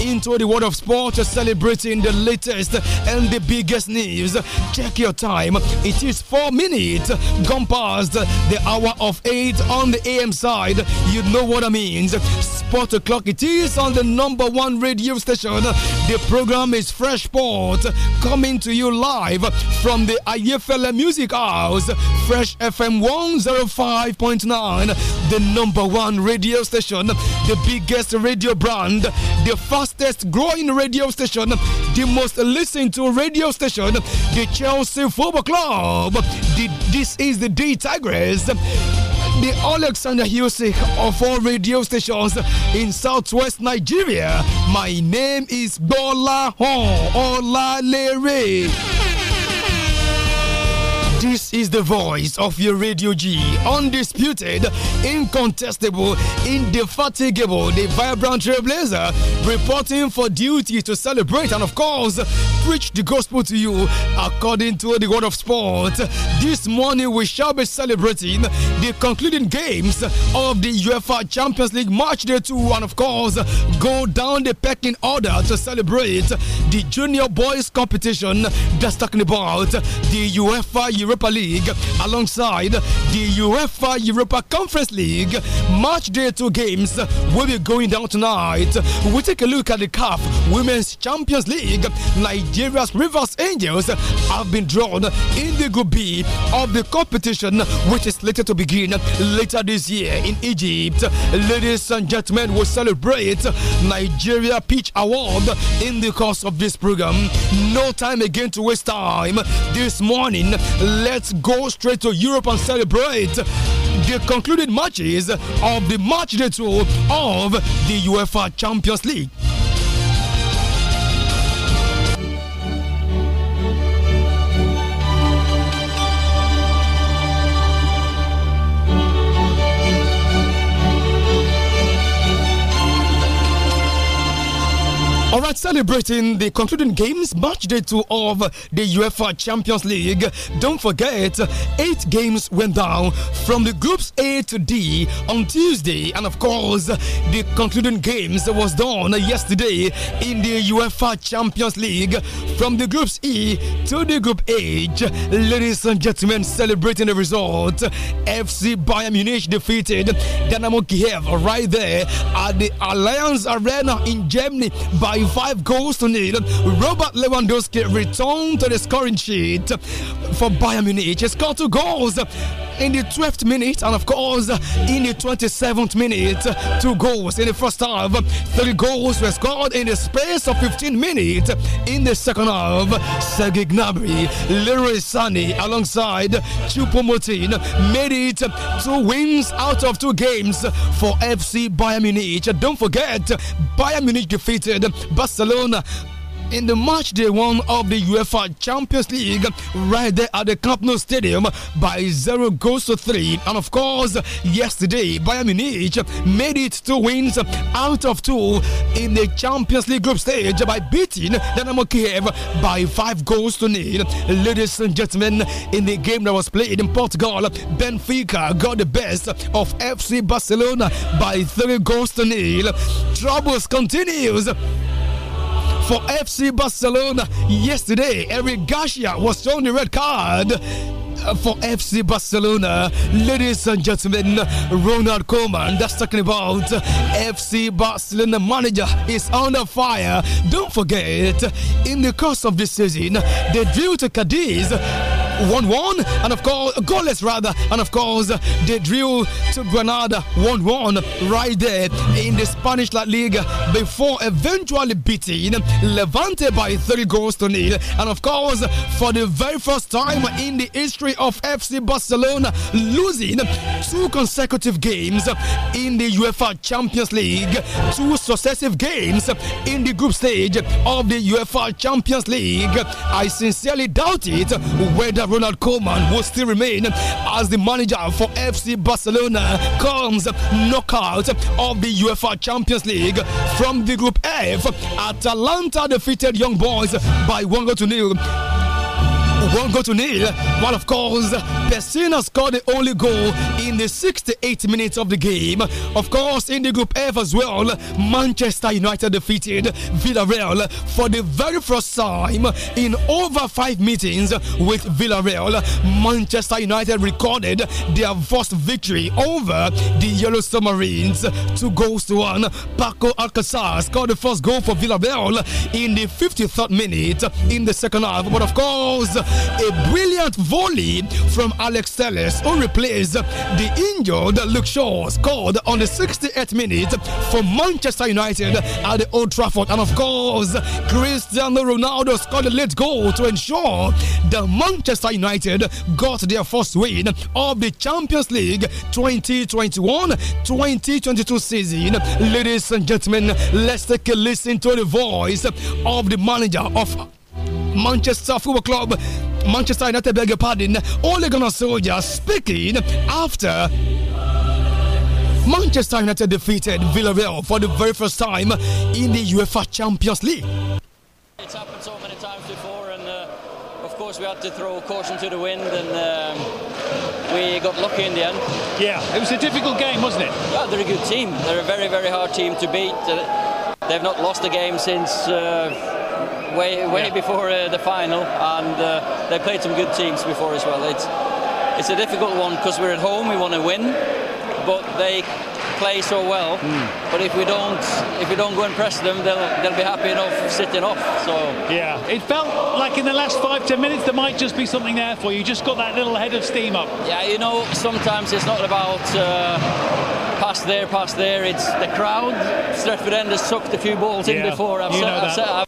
into the world of sport, celebrating the latest and the biggest news. Check your time. It is four minutes gone past the hour of eight on the AM side. You know what I mean. Sport o'clock it is on the number one radio station. The program is Fresh Sport coming to you live from the IFL Music House, Fresh FM 105.9 the number one radio station, the biggest radio brand, the fastest growing radio station, the most listened to radio station, the Chelsea Football Club. The, this is the D Tigress the Alexander Husik of all radio stations in southwest Nigeria. My name is Bola Hon Olalere. This is the voice of your Radio G, undisputed, incontestable, indefatigable, the vibrant trailblazer, reporting for duty to celebrate and, of course, preach the gospel to you according to the word of sport. This morning we shall be celebrating the concluding games of the UEFA Champions League match day two, and, of course, go down the pecking order to celebrate the junior boys competition that's talking about the UEFA Euro Europa League alongside the UEFA Europa Conference League. Match day two games will be going down tonight. we take a look at the CAF Women's Champions League. Nigeria's Rivers Angels have been drawn in the Group B of the competition, which is slated to begin later this year in Egypt. Ladies and gentlemen, we we'll celebrate Nigeria Peach Award in the course of this program. No time again to waste time. This morning, let's go straight to Europe and celebrate the concluded matches of the match day two of the UEFA Champions League. All right, celebrating the concluding games, match day two of the UEFA Champions League. Don't forget, eight games went down from the groups A to D on Tuesday, and of course, the concluding games was done yesterday in the UEFA Champions League from the groups E to the group H. Ladies and gentlemen, celebrating the result, FC Bayern Munich defeated Dynamo Kiev right there at the Alliance Arena in Germany by five goals to nil. Robert Lewandowski returned to the scoring sheet for Bayern Munich. He scored two goals in the 12th minute and of course in the 27th minute two goals in the first half three goals were scored in the space of 15 minutes in the second half Sergei Gnabry Leroy Sané alongside Chupomotin made it two wins out of two games for FC Bayern Munich don't forget Bayern Munich defeated Barcelona in the match day one of the UEFA Champions League right there at the Camp Nou Stadium by 0 goals to 3. And of course, yesterday, Bayern Munich made it two wins out of two in the Champions League group stage by beating Dynamo Kiev by 5 goals to nil. Ladies and gentlemen, in the game that was played in Portugal, Benfica got the best of FC Barcelona by 3 goals to nil. Troubles continues for FC Barcelona yesterday. Eric Garcia was shown the red card uh, for FC Barcelona. Ladies and gentlemen, Ronald Koeman, that's talking about FC Barcelona manager, is on fire. Don't forget, in the course of this season, they drew to Cadiz 1 1. And of course, goalless rather. And of course, they drew to Granada 1 1 right there in the Spanish La Liga before eventually beating Levante by three goals to nil. And of course, for the very first time in the history of FC Barcelona, losing two consecutive games in the UEFA Champions League, two successive games in the group stage of the UEFA Champions League. I sincerely doubt it whether Ronald Koeman will still remain as the manager for FC Barcelona comes knockout of the UEFA Champions League from the Group F. Atalanta defeated Young Boys by one goal to nil. One goal to nil. While, of course, Pessina scored the only goal in the 68 minutes of the game. Of course, in the Group F as well, Manchester United defeated Villarreal for the very first time in over five meetings with Villarreal. Manchester United recorded their first victory over the Yellow Submarines. Two goals to one. Paco Alcazar scored the first goal for Villarreal in the 53rd minute in the second half. But of course, a brilliant volley from Alex Telles, who replaced the injured Luke Shaw, scored on the 68th minute for Manchester United at the Old Trafford. And of course, Cristiano Ronaldo scored a late goal to ensure that Manchester United got their first win of the Champions League 2021 2022 season. Ladies and gentlemen, let's take a listen to the voice of the manager of Manchester Football Club, Manchester United, beg your pardon, Ole Gunnar Soldier speaking after. Manchester United defeated Villarreal for the very first time in the UEFA Champions League. It's happened so many times before, and uh, of course we had to throw caution to the wind, and um, we got lucky in the end. Yeah, it was a difficult game, wasn't it? Yeah, they're a good team. They're a very, very hard team to beat. Uh, they've not lost a game since. Uh, way way yeah. before uh, the final, and uh, they played some good teams before as well. It's it's a difficult one because we're at home, we want to win, but they play so well. Mm. But if we don't if we don't go and press them, they'll they'll be happy enough sitting off. So yeah, it felt like in the last five ten minutes there might just be something there for you. Just got that little head of steam up. Yeah, you know sometimes it's not about. Uh, pass there, pass there. It's the crowd. Stretford End has sucked a few balls yeah, in before. I've, said, I've, I've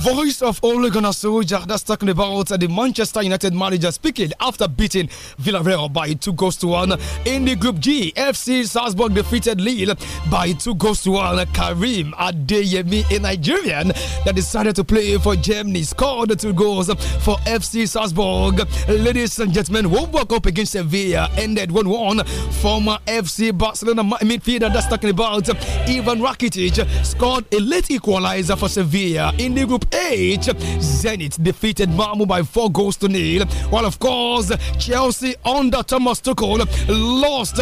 voice of Ole Gunnar Solskjaer that's talking about the Manchester United manager speaking after beating Villarreal by two goals to one in the Group G. FC Salzburg defeated Lille by two goals to one. Karim Adeyemi, a Nigerian that decided to play for Germany, scored two goals for FC Salzburg. Ladies and gentlemen, one walk up against Sevilla ended 1 1. Former FC Barcelona midfielder that's talking about Ivan Rakitic scored a late equalizer for Sevilla in the Group 8, Zenit defeated Malmo by 4 goals to nil. While, of course, Chelsea under Thomas Tuchel lost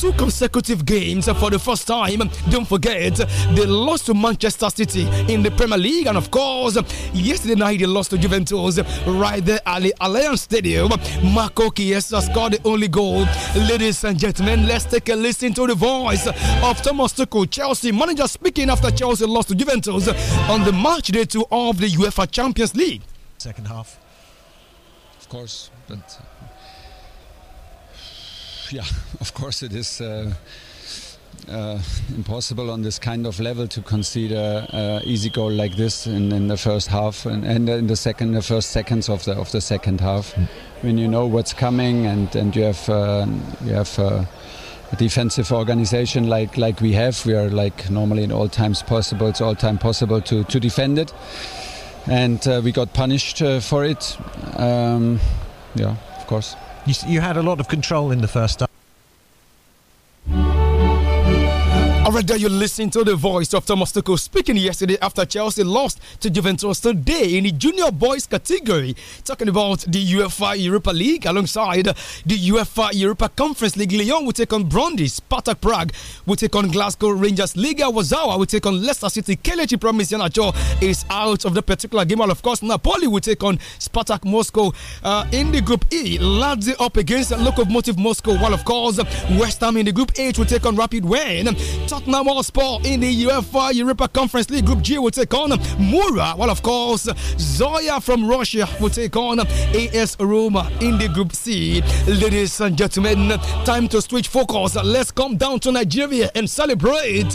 two consecutive games for the first time. Don't forget, they lost to Manchester City in the Premier League. And, of course, yesterday night they lost to Juventus right there at the Allianz Stadium. Marco Chiesa scored the only goal. Ladies and gentlemen, let's take a listen to the voice of Thomas Tuchel, Chelsea manager, speaking after Chelsea lost to Juventus on the match day to of the UEFA Champions League. Second half, of course, but uh, yeah, (laughs) of course it is. Uh, uh, impossible on this kind of level to concede an uh, easy goal like this in, in the first half and, and, in the second, the first seconds of the of the second half, hmm. when you know what's coming and and you have uh, you have. Uh, defensive organization like like we have. We are like normally in all times possible. It's all time possible to to defend it, and uh, we got punished uh, for it. Um, yeah, of course. You, you, had a lot of control in the first All right, there you listen to the voice of Thomas Tuchel speaking yesterday after Chelsea lost to Juventus today in the junior boys category, talking about the UEFA Europa League alongside the UEFA Europa Conference League. Lyon will take on Brondis, Spartak Prague will take on Glasgow Rangers, Liga Wazawa will take on Leicester City, Kelechi Promise Janacho is out of the particular game, and of course Napoli will take on Spartak Moscow uh, in the Group E. Lazio up against Lokomotiv Moscow, while of course West Ham in the Group H will take on Rapid Wien. Tottenham Hotspur in the UEFA Europa Conference League Group G will take on Mura, while of course Zoya from Russia will take on AS Roma in the Group C. Ladies and gentlemen, time to switch focus. Let's come down to Nigeria and celebrate.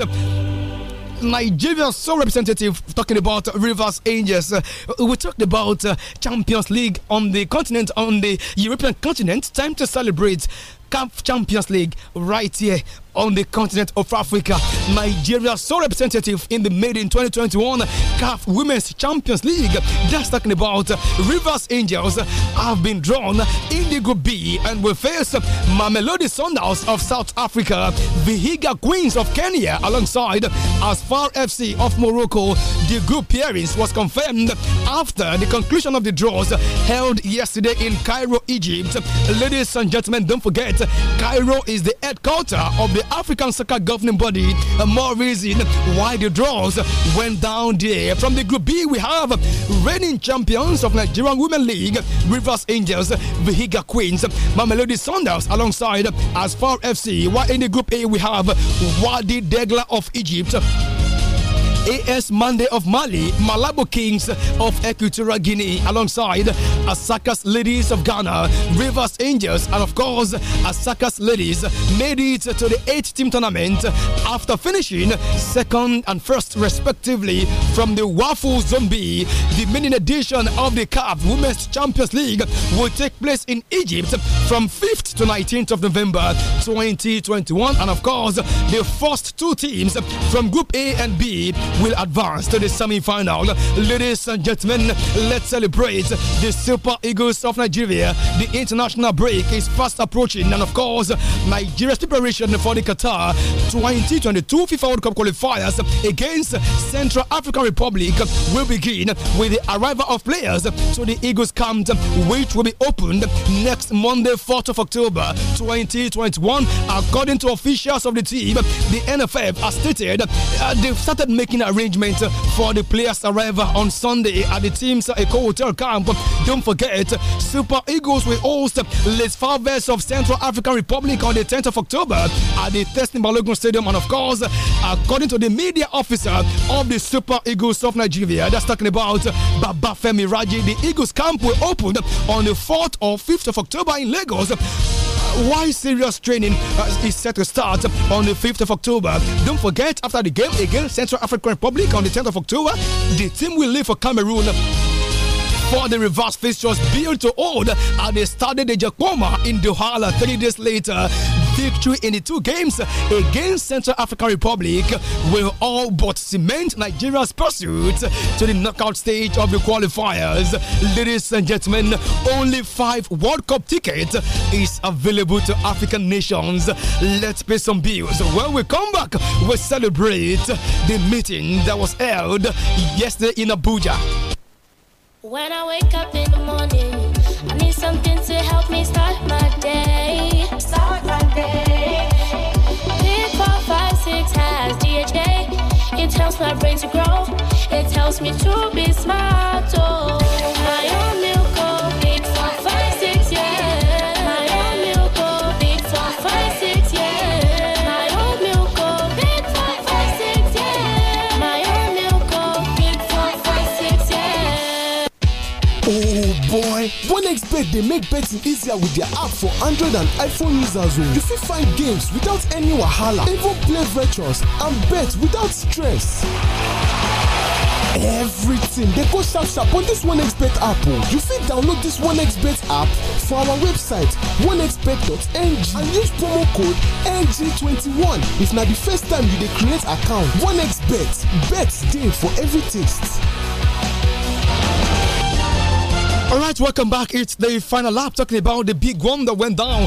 Nigeria's sole representative talking about Rivers Angels. Uh, we talked about uh, Champions League on the continent, on the European continent. Time to celebrate. Camp Champions League right here on the continent of Africa. Nigeria sole representative in the maiden 2021 CAF Women's Champions League. That's talking about Rivers Angels have been drawn in the Group B and will face Mamelodi Sundowns of South Africa, Vihiga Queens of Kenya, alongside Asfar FC of Morocco. The group pairings was confirmed after the conclusion of the draws held yesterday in Cairo, Egypt. Ladies and gentlemen, don't forget, Cairo is the headquarter of the the African Soccer Governing Body a uh, more reason why the draws went down there. From the Group B, we have reigning champions of Nigerian Women League, Rivers Angels, Vihiga Queens, Mamelodi Sundowns, alongside Asfar FC. While in the Group A, we have Wadi Degla of Egypt. AS Monday of Mali, Malabo Kings of Equatorial Guinea, alongside Asaka's Ladies of Ghana, Rivers Angels, and of course, Asaka's Ladies made it to the 8 team tournament after finishing second and first, respectively, from the Waffle Zombie. The main edition of the CAF Women's Champions League will take place in Egypt from 5th to 19th of November 2021, and of course, the first two teams from Group A and B will advance to the semi-final. Ladies and gentlemen, let's celebrate the Super Eagles of Nigeria. The international break is fast approaching, and of course, Nigeria's preparation for the Qatar 2022 FIFA World Cup qualifiers against Central African Republic will begin with the arrival of players to the Eagles camp, which will be opened next Monday, 4th of October 2021. According to officials of the team, the NFF has stated uh, they've started making arrangement for the players' arrival on Sunday at the team's Eco Hotel camp. Don't forget, it. Super Eagles will host Les Favres of Central African Republic on the 10th of October at the Testing Balogun Stadium. And of course, according to the media officer of the Super Eagles of Nigeria, that's talking about Babafemi Raji, the Eagles camp will open on the 4th or 5th of October in Lagos. Uh, why serious training uh, is set to start on the 5th of October. Don't forget, after the game against Central African Republic on the 10th of October, the team will leave for Cameroon for the reverse fixtures built to hold and they started the Jacoma in Duhala three days later victory in the two games against Central African Republic will all but cement Nigeria's pursuit to the knockout stage of the qualifiers. Ladies and gentlemen, only five World Cup tickets is available to African nations. Let's pay some bills. When we come back, we celebrate the meeting that was held yesterday in Abuja. When I wake up in the morning, I need something to help me start my day. Start day. has DHA. It tells my brain to grow. It tells me to be smart. Oh, my own. dey make betting easier with their app for android and iphone users o. Oh. you fit find games without any wahala even play virtuals and bet without stress. everything dey go sharp sharp on this onexbet app o oh. you fit download this onexbet app for our website onexbet.ng and use promo code ng21 if na the first time you dey create account onexbet bet dey for every taste. All right, welcome back. It's the final lap talking about the big one that went down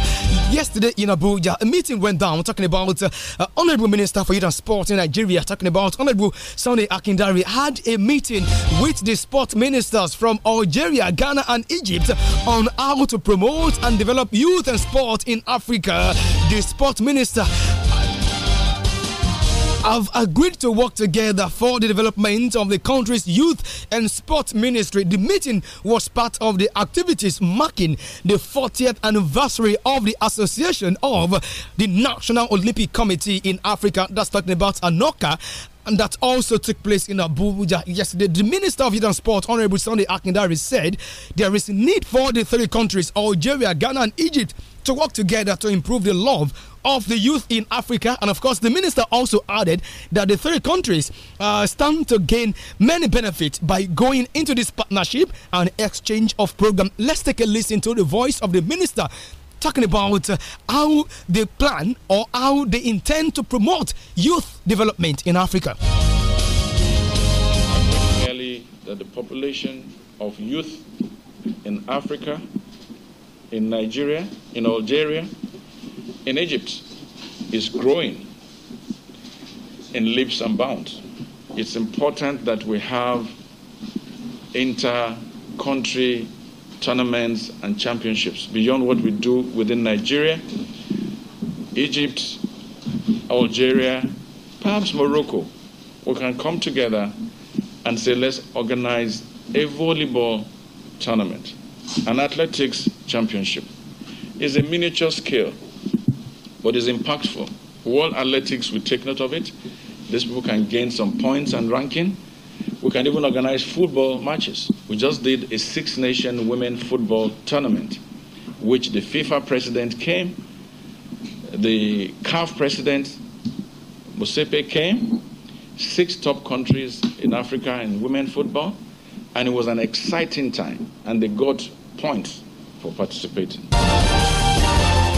yesterday in Abuja. A meeting went down talking about uh, uh, Honorable Minister for Youth and Sport in Nigeria, talking about Honorable Sunday Akindari had a meeting with the sport ministers from Algeria, Ghana, and Egypt on how to promote and develop youth and sport in Africa. The sport minister have agreed to work together for the development of the country's youth and sports ministry. The meeting was part of the activities marking the 40th anniversary of the association of the National Olympic Committee in Africa. That's talking about Anoka, and that also took place in Abuja yesterday. The Minister of Youth and Sport, Honorable Sunday Akindari, said there is need for the three countries, Algeria, Ghana, and Egypt, to work together to improve the love of the youth in Africa. And of course, the minister also added that the three countries uh, stand to gain many benefits by going into this partnership and exchange of program. Let's take a listen to the voice of the minister talking about uh, how they plan or how they intend to promote youth development in Africa. Clearly, that the population of youth in Africa, in Nigeria, in Algeria, in Egypt is growing in leaps and bounds. It's important that we have inter country tournaments and championships beyond what we do within Nigeria, Egypt, Algeria, perhaps Morocco. We can come together and say, let's organize a volleyball tournament, an athletics championship. It's a miniature scale but it's impactful. World Athletics will take note of it. These people can gain some points and ranking. We can even organize football matches. We just did a six nation women football tournament, which the FIFA president came, the CAF president, Musepe, came, six top countries in Africa in women football, and it was an exciting time, and they got points for participating.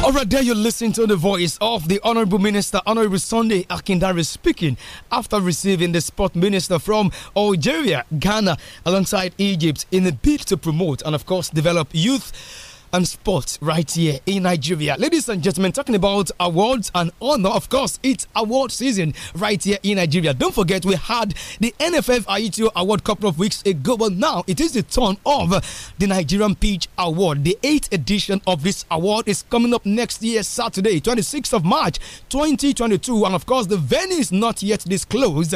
All right, there you listen to the voice of the Honorable Minister, Honorable Sunday Akindari speaking after receiving the sport minister from Algeria, Ghana, alongside Egypt in a bid to promote and, of course, develop youth and sport right here in Nigeria. Ladies and gentlemen, talking about awards and honor, of course, it's award season right here in Nigeria. Don't forget, we had the NFF IETO Award a couple of weeks ago, but now it is the turn of the Nigerian Peach Award. The eighth edition of this award is coming up next year, Saturday, 26th of March, 2022. And of course, the venue is not yet disclosed.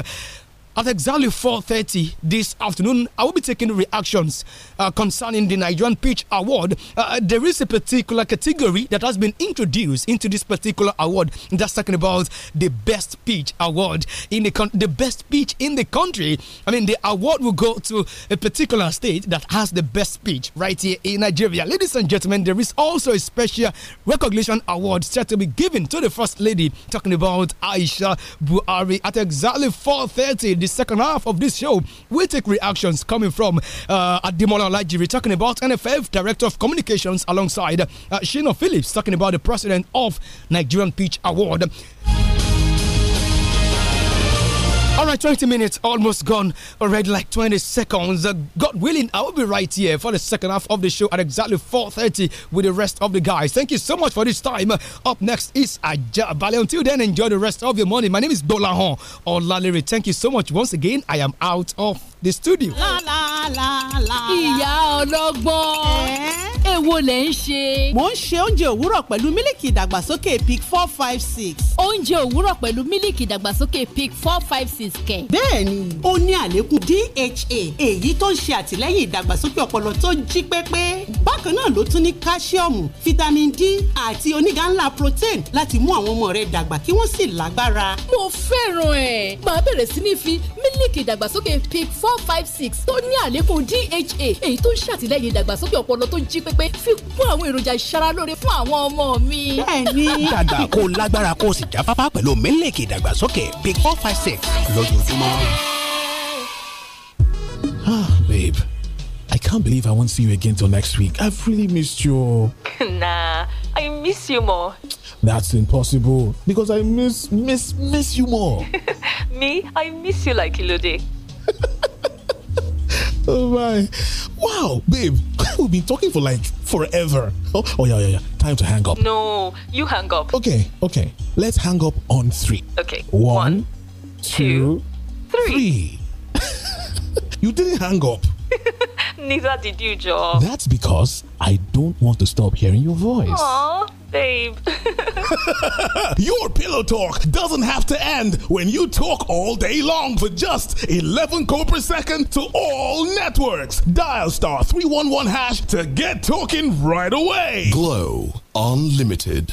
At exactly 4.30 this afternoon, I will be taking reactions uh, concerning the Nigerian Pitch Award. Uh, uh, there is a particular category that has been introduced into this particular award. That's talking about the Best Pitch Award in the the best pitch in the country. I mean, the award will go to a particular state that has the best pitch right here in Nigeria. Ladies and gentlemen, there is also a special recognition award set to be given to the First Lady, talking about Aisha Buhari at exactly 4.30 this second half of this show, we take reactions coming from uh, Ademola Lajiri talking about NFF Director of Communications alongside uh, Shino Phillips talking about the president of Nigerian Pitch Award. All right, 20 minutes almost gone already, like 20 seconds. Uh, God willing, I will be right here for the second half of the show at exactly 4:30 with the rest of the guys. Thank you so much for this time. Uh, up next is Ajabale. Until then, enjoy the rest of your morning. My name is Dolahon Olalere. Thank you so much once again. I am out of the studio. La la la la. Ìyá ọlọ́gbọ́n. Eh? Èwo lẹ̀ ń ṣe? Mo ń ṣe oúnjẹ òwúrọ̀ pẹ̀lú mílìkì ìdàgbàsókè PIC four five six. Oúnjẹ òwúrọ̀ pẹ̀lú mílìkì ìdàgbàsókè PIC four five six kẹ̀. bẹ́ẹ̀ni ó ní àlékún dha èyí tó ń ṣe àtìlẹ́yìn ìdàgbàsókè ọpọlọ tó jí pépé bákan náà ló tún ní káṣíọ̀mù fítámìn d àti onígá ńlá protein láti mú àwọn ọmọ rẹ dàgbà kí wọ́n sì lágbára. mo fẹ́ràn ẹ̀ máa bẹ̀rẹ̀ sí ní fi mílíkì ìdàgbàsókè pic four five six tó ní àlékún dha èyí tó ń ṣàtìlẹ́yìn ìdàgbàsókè ọpọlọ tó jí pépé fi kún àwọn èròjà ìṣaralóore fún àwọn ọmọ mi. bẹ́ẹ̀ni dàgbà kó lágbára kó o sì jáfáfá pẹ̀lú mílíkì ìdàgbàsókè pic four five six l go tomorrow. Ah, babe. I can't believe I won't see you again till next week. I've really missed you. (laughs) nah, I miss you more. That's impossible because I miss miss miss you more. (laughs) Me, I miss you like Ilode. (laughs) oh my. Wow, babe, we've been talking for like forever. Oh, oh, yeah, yeah, yeah. Time to hang up. No, you hang up. Okay, okay. Let's hang up on three. Okay. One. One two, three. (laughs) you didn't hang up. (laughs) Neither did you, Joe. That's because I don't want to stop hearing your voice. Aww, babe. (laughs) your pillow talk doesn't have to end when you talk all day long for just 11 co per second to all networks. Dial star 311 hash to get talking right away. Glow Unlimited.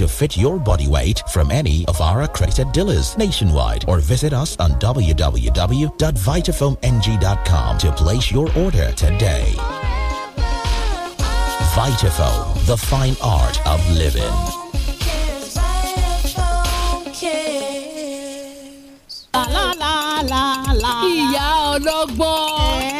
to fit your body weight from any of our accredited dealers nationwide or visit us on www.vitafoamng.com to place your order today. Vitafoam, the fine art of living. La la la la la. Ìyá ọlọ́gbọ́n. Eh?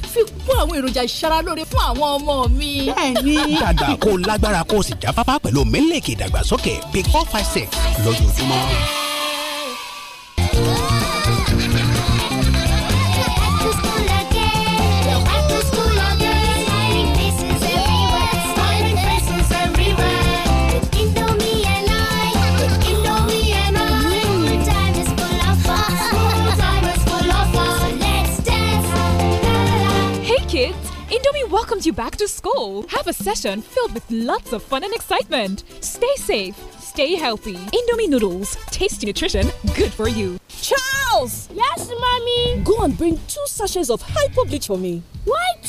fi kún àwọn èròjà ìṣaralóore fún àwọn ọmọ mi. bẹ́ẹ̀ni. dàgbà kó lágbára kó sì jáfáfá pẹ̀lú mílíkì ìdàgbàsókè big four five six lójoojúmọ́. welcomes you back to school. Have a session filled with lots of fun and excitement. Stay safe, stay healthy. Indomie noodles, tasty nutrition, good for you. Charles! Yes, mommy? Go and bring two sachets of hyper bleach for me. What?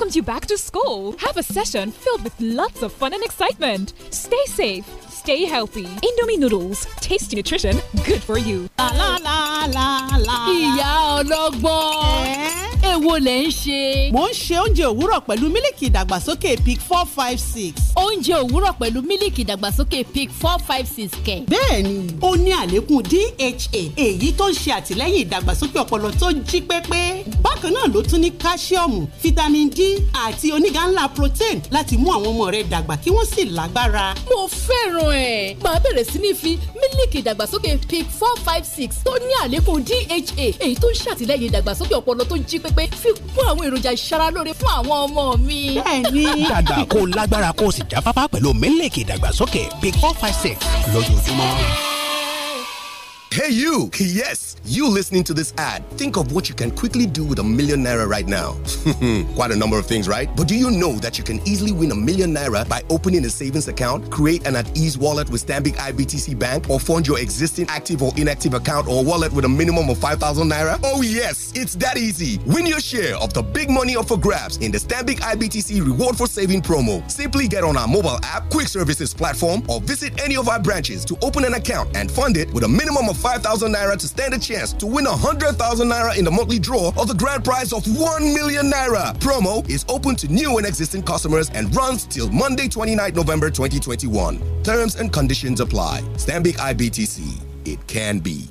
welcomes you back to school. Have a session filled with lots of fun and excitement. Stay safe, stay healthy. Indomie noodles, tasty nutrition, good for you. La la la la la. Ìyá ọlọ́gbọ́n. Eh? Èwo lẹ̀ ń ṣe? Mo ń ṣe oúnjẹ òwúrọ̀ pẹ̀lú mílìkì ìdàgbàsókè PIC four five six. Oúnjẹ òwúrọ̀ pẹ̀lú mílìkì ìdàgbàsókè PIC four five six kẹ̀. Bẹ́ẹ̀ni, ó ní àlékún DHA èyí tó ń ṣe àtìlẹ́yìn ìdàgbàsókè ọpọlọ tó jí pépé. Bákan náà ló tún ní káṣíọ̀mù, fítámìn D àti onígànlá protein láti mú àwọn ọmọ rẹ dàgbà kí wọ́n sì lágbára. Mo fẹ́ràn ẹ̀ ẹ̀. máa bẹ̀rẹ̀ sí ní fi mílíkì ìdàgbàsókè pic four five six tó ní àlékún dha èyí tó ń ṣàtìlẹ́yìn ìdàgbàsókè ọpọlọ tó jí pépé fi kún àwọn èròjà ìṣaralóore fún àwọn ọmọ mi. bẹ́ẹ̀ni dàgbà kó lágbára kó o sì jáfáfá pẹ̀lú mílíkì ìdàgbàsókè pic four five six lójoojúmọ́. Hey, you! Yes, you listening to this ad. Think of what you can quickly do with a million naira right now. (laughs) Quite a number of things, right? But do you know that you can easily win a million naira by opening a savings account, create an at ease wallet with Stanbic IBTC Bank, or fund your existing active or inactive account or wallet with a minimum of 5,000 naira? Oh, yes, it's that easy. Win your share of the big money up for grabs in the Stanbic IBTC Reward for Saving promo. Simply get on our mobile app, quick services platform, or visit any of our branches to open an account and fund it with a minimum of 5,000 naira to stand a chance to win 100,000 naira in the monthly draw of the grand prize of 1 million naira. Promo is open to new and existing customers and runs till Monday, 29 November 2021. Terms and conditions apply. Stambik IBTC. It can be.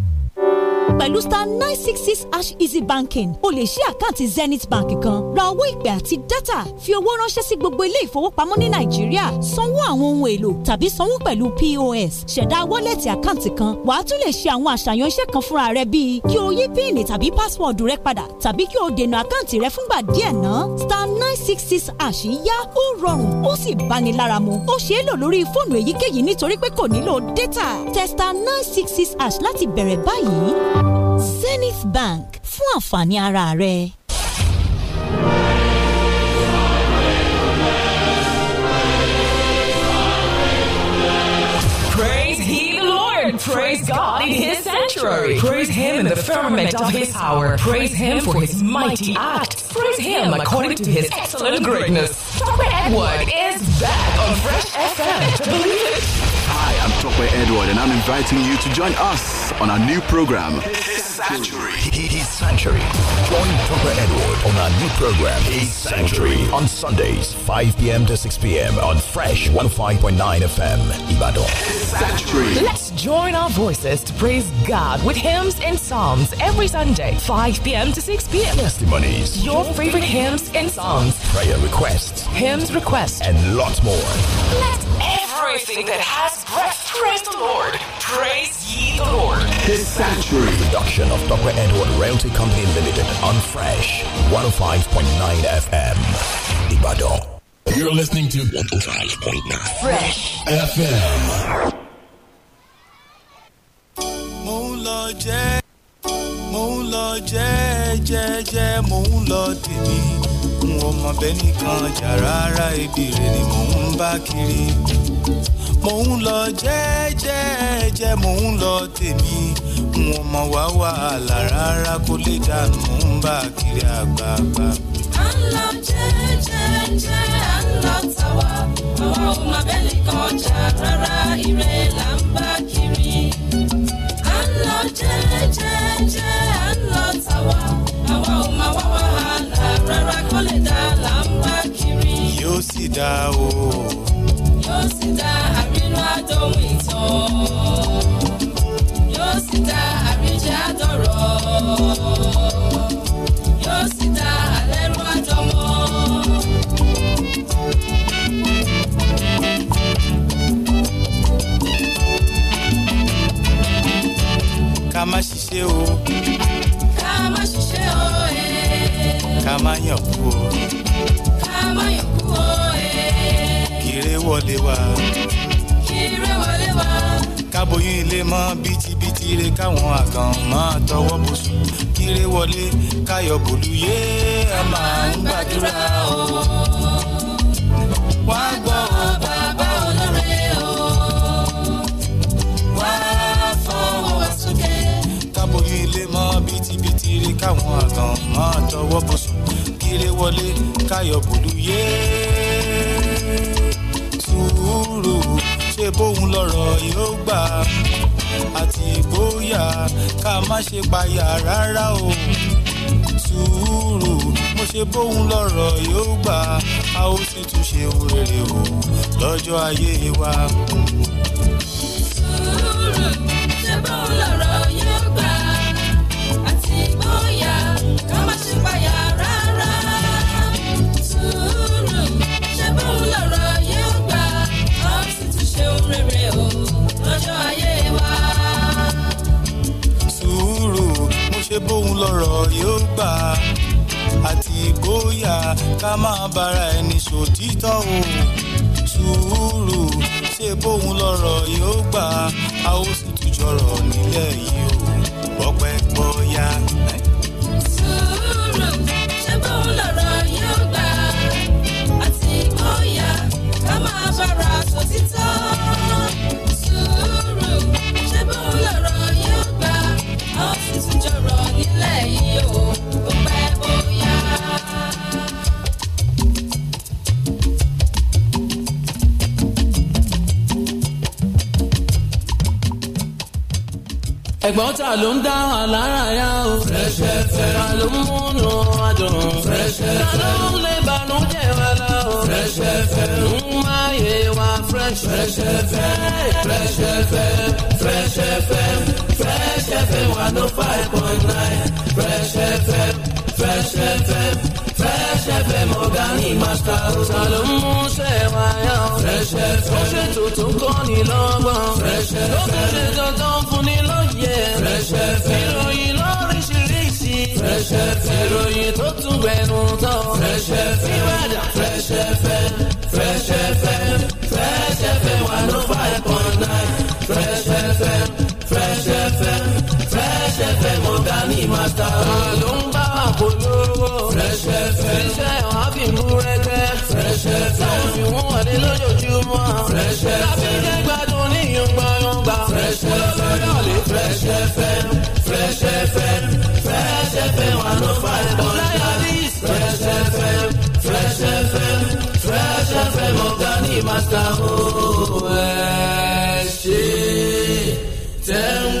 pẹ̀lú star nine six six hash easy banking o lè ṣí àkáǹtì zenith bank kan ra owó ìpè àti dátà fi owó ránṣẹ́ sí gbogbo ilé ìfowópamọ́ ní nàìjíríà sanwó àwọn ohun èlò tàbí sanwó pẹ̀lú pos ṣẹ̀dá wọ́lẹ̀tì àkáǹtì kan wàá tún lè ṣe àwọn àṣàyàn iṣẹ́ kan fúnra rẹ bíi kí o yí píìnì tàbí pásíwọ̀dù rẹ padà tàbí kí o dènà àkáǹtì rẹ fúngbà díẹ̀ ná star nine six six hash yá ó rọrùn ó sì bani lára mu ó ṣeé lò lórí fóònù èyíkéyìí nítorí pé kò nílò dátà testa nine six six hash láti bẹ̀rẹ̀ báyìí. Zenith Bank fún àǹfààní ara rẹ. Praise God in His sanctuary. Praise Him in the firmament of His power. Praise Him for His mighty act. Praise Him according to His excellent greatness. Dr. Edward is back on Fresh FM. Believe it. Hi, I'm Tokwe Edward, and I'm inviting you to join us on our new program, Sanctuary. His Sanctuary. Join Dr. Edward on our new program, His Sanctuary, on Sundays, 5 p.m. to 6 p.m. on Fresh 105.9 FM, Ibadan. His Sanctuary. Let's join our voices to praise God with hymns and psalms every Sunday, 5 p.m. to 6 p.m. Testimonies. Your favorite hymns and songs. Prayer requests. Hymns requests. And lots more. Let everything that has breath praise the Lord. Praise Ye Lord. His Sanctuary. Production of Dr. Edward Realty Company Limited on Fresh 105.9 FM. You're listening to 105.9 Fresh FM. mọ̀ bẹ́ẹ̀ nìkan ibi rẹ̀ ni mò ń bá kiri. mò ń lọ jẹ́ẹ́jẹ́ẹ́jẹ́ mò ń lọ tèmi n ò mọ̀ wá wàhálà rárá kó lè dànù mò ń bá kiri àgbààgbà. à ń lọ jẹ́ẹ́jẹ́ẹ́jẹ́ à ń lọ tàwa àwa ò má bẹ́ẹ̀ kan ọjà rárá ire là ń bá kiri. à ń lọ jẹ́ẹ́jẹ́ẹ́jẹ́ à ń lọ tàwa àwa ò má wá wàhálà rárá kó lè dà là ń bá kiri. yóò sì dá o. yóò sì dá àrà nínú àdóhùn ìtàn yóò sì ta àríṣẹ́ àdọ̀rọ̀ yóò sì ta àlẹ́rú àdọ́mọ́. ká má ṣiṣẹ́ o. ká má ṣiṣẹ́ o. Eh. ká má yàn kú o. ká má yàn kú o. kéré eh. wọlé wá ire wọlé wá. káboyún ilé mọ́ bítíbitì ire káwọn àgàn máa tọwọ́ bọ̀sùn kíre wọlé káyọ̀ bòlúyé a máa ń gbàdúrà o. wá gbọ́ ọ bàbá olóore o. wá fọwọ́ wá sókè. káboyún ilé mọ́ bítíbitì ire káwọn àgàn máa tọwọ́ bọ̀sùn kíre wọlé káyọ̀ bòlúyé sùúrù bóun lọ̀rọ̀ yóò gbà àti bóyá ká má ṣe payà rárá o sùúrù mo ṣe bóun lọ̀rọ̀ yóò gbà a ó sì tún ṣe ohun rere o lọ́jọ́ ayé wa. ṣé bóun lọ̀rọ̀ yóò gbà àti ìgboyà ká máa bára ẹni ṣòtítọ́ o sùúrù ṣé bóun lọ̀rọ̀ yóò gbà a ó sì tún jọrọ̀ nílẹ̀ yìí o bọ́pẹ́ bọ́yá. ẹ̀gbọ́n ta ló ń dá wa lára yá o. Fresh FM. ta ló ń múnú wa dùn. Fresh FM. ta ló ń lé balùwẹ̀ wa lọ. Fresh FM. ń máyé wa Fresh. Fresh FM. Fresh FM. Fresh FM. Fresh FM one oh five point nine. Fresh FM. Fresh FM. Morgani master ta ló mú ṣe wáyọ. Fresh Fresh tuntun kọ́ ni lọ́gbọ̀n. Fresh lókèlè dandan fún ni lóye. Fresh ìròyìn lóríṣiríṣi. Fresh ìròyìn tó tún gbẹnu tán. Fresh ìwé. omi wọ́n wà ní lójoojúmọ́. lábí jẹ́ gbádùn ní yọ̀ngbọ̀nyọ̀ngbà. lọ́lọ́lẹ̀ Fresh FM Fresh FM Fresh FM wà ló fà ẹ̀ bọ̀ láyàlís. Fresh FM Fresh FM Fresh FM ọ̀gá ní màtà ó ẹ̀ ṣe tẹ̀ ń.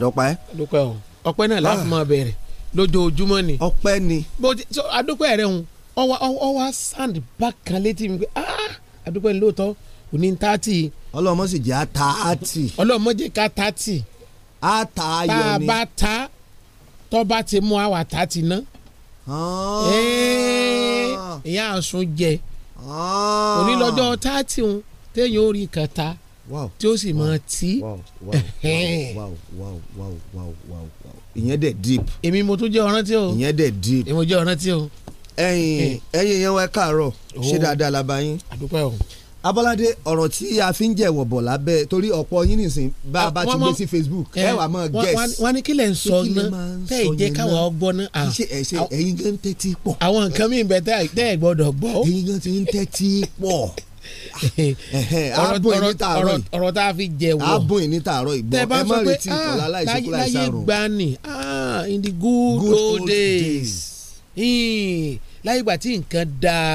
àdọ́pẹ́. àdọ́pẹ́ o ọpẹ́ náà láti máa bẹ̀rẹ̀ lójoojúmọ́ ni. ọpẹ́ ni. bó ti sọ àdọ́pẹ́ rẹ̀ hun ọwọ́ ọwọ́ sand bákan létí mi pé àdọ́pẹ́ ah, ni lóòótọ́ òní ń tààtì. ọlọ́mọ sì jẹ́ ata àti. ọlọ́mọ jẹ́ ká tààtì. ata ayọ̀ ni. tá a bá ta tọ́ba ti mú àwa tààtì ná. Ah. ìyá àsun jẹ. onílọ́jọ́ ah. tààtì hun téèyàn ò rí kàtà tí ó sì máa tí. ìyẹn dẹ̀ deep. èmi mo tún jẹ́ ọ̀rántí o. ìyẹn dẹ̀ deep. èmi mo jẹ́ ọ̀rántí o. ẹyin ẹyin yẹn wá káàárọ̀ ṣé dáadáa la bá yín. àdúpẹ́ o. Abọ́ládé ọ̀rọ̀ tí a fi ń jẹ̀wọ̀ bọ̀ lábẹ́ torí ọ̀pọ̀ yín nìsín bá a bá ti gbé sí Facebook ẹ wà mọ́ guess. wọ́n ní kí lẹ̀ ń sọ náà tẹ́ ẹ̀ jẹ́ káwa ọgbọ́n náà. ṣe ẹ ṣe ẹ̀yin gan tẹ́tí pọ̀. àwọn nǹkan mi bẹ tẹ́ ẹ̀ gbọ́dọ̀ gbọ́ ọ̀rọ̀ tá a fi jẹ wọ̀ abùn yìí ní tààrọ̀ ìgbọ́ ẹ má retí ìtọ́lá ah, láìsí kúláìsí àrùn. láyé gbani ah, in the good, good old days láyé ìgbà tí nǹkan dáa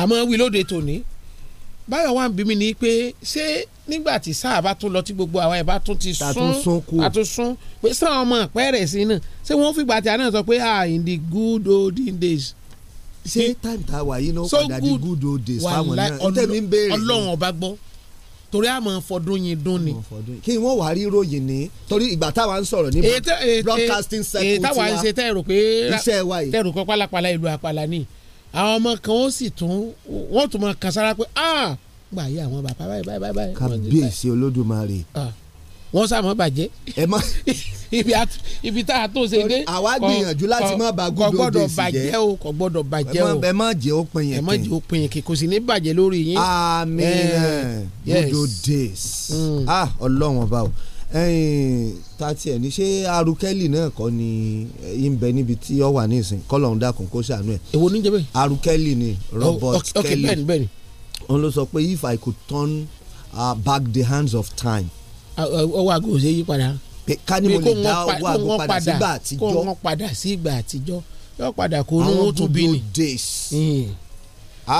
àmọ́ wí lóde tòní báyọ̀ wá ń bí mi ní pé ṣé nígbà tí sáà bá tún lọ tí gbogbo àwa ẹ̀ bá tún ti sún àtúnṣún pé sáà ọmọ àpẹẹrẹ sí náà ṣé wọ́n fìgbà tí a náà sọ pé ah in the good old days ṣé time tá a wà yìí náà padà di good old days fáwọn náà tẹ̀mí ń béèrè ọlọ́run ọba gbọ́ torí àmọ́ fọdún yìí dún ni. kí wọ́n wá rí ròyìn ní torí ìgbà táwa ń sọ̀rọ̀ ní broadcasting circle tiwa táwa ń ṣe tẹ́ rò pé iṣẹ́ wa yìí tẹ́ pé pálapàla ìlú àpàlà ni àwọn ọmọ kan ó sì tún wọ́n tún máa kan sára pé ah gbà yí àwọn bàbá báyìí báyìí báyìí. kábíyèsí olódùmarè. Ah, wọ́n sá mọ́ bàjẹ́. ẹ má (laughs) ibi tá a tó ṣe dé. àwa gbìyànjú láti má ba gúdò dé sí jẹ́ kò gbọ́dọ̀ bàjẹ́ o ẹ má jẹ́ ó pin yẹn ẹ má jẹ́ ó pin yẹn kò sì ní bàjẹ́ lórí yín. àmín gúdò days mm. ah ọlọ́run ọba o tati ẹni ṣé arukẹ́lì náà kọ́ ni ń bẹ níbi tí ó wà nísìn kọ́lọ́hún dákun kó ṣàánú ẹ̀. èwo ní jẹ́ arukẹ́lì ni Robert Kelly. ok bẹ́ẹ̀ni bẹ́ẹ̀ni. òun ló sọ pé if I could turn uh, back the hands of time. ọwọ́ àgọ́ òṣèyí padà pé ká ní mo lè dá owó àgbo padà sí ìgbà àtijọ́ kó wọ́n padà sí àtijọ́ yóò padà kó ní wọ́n tún bí ni. Hmm.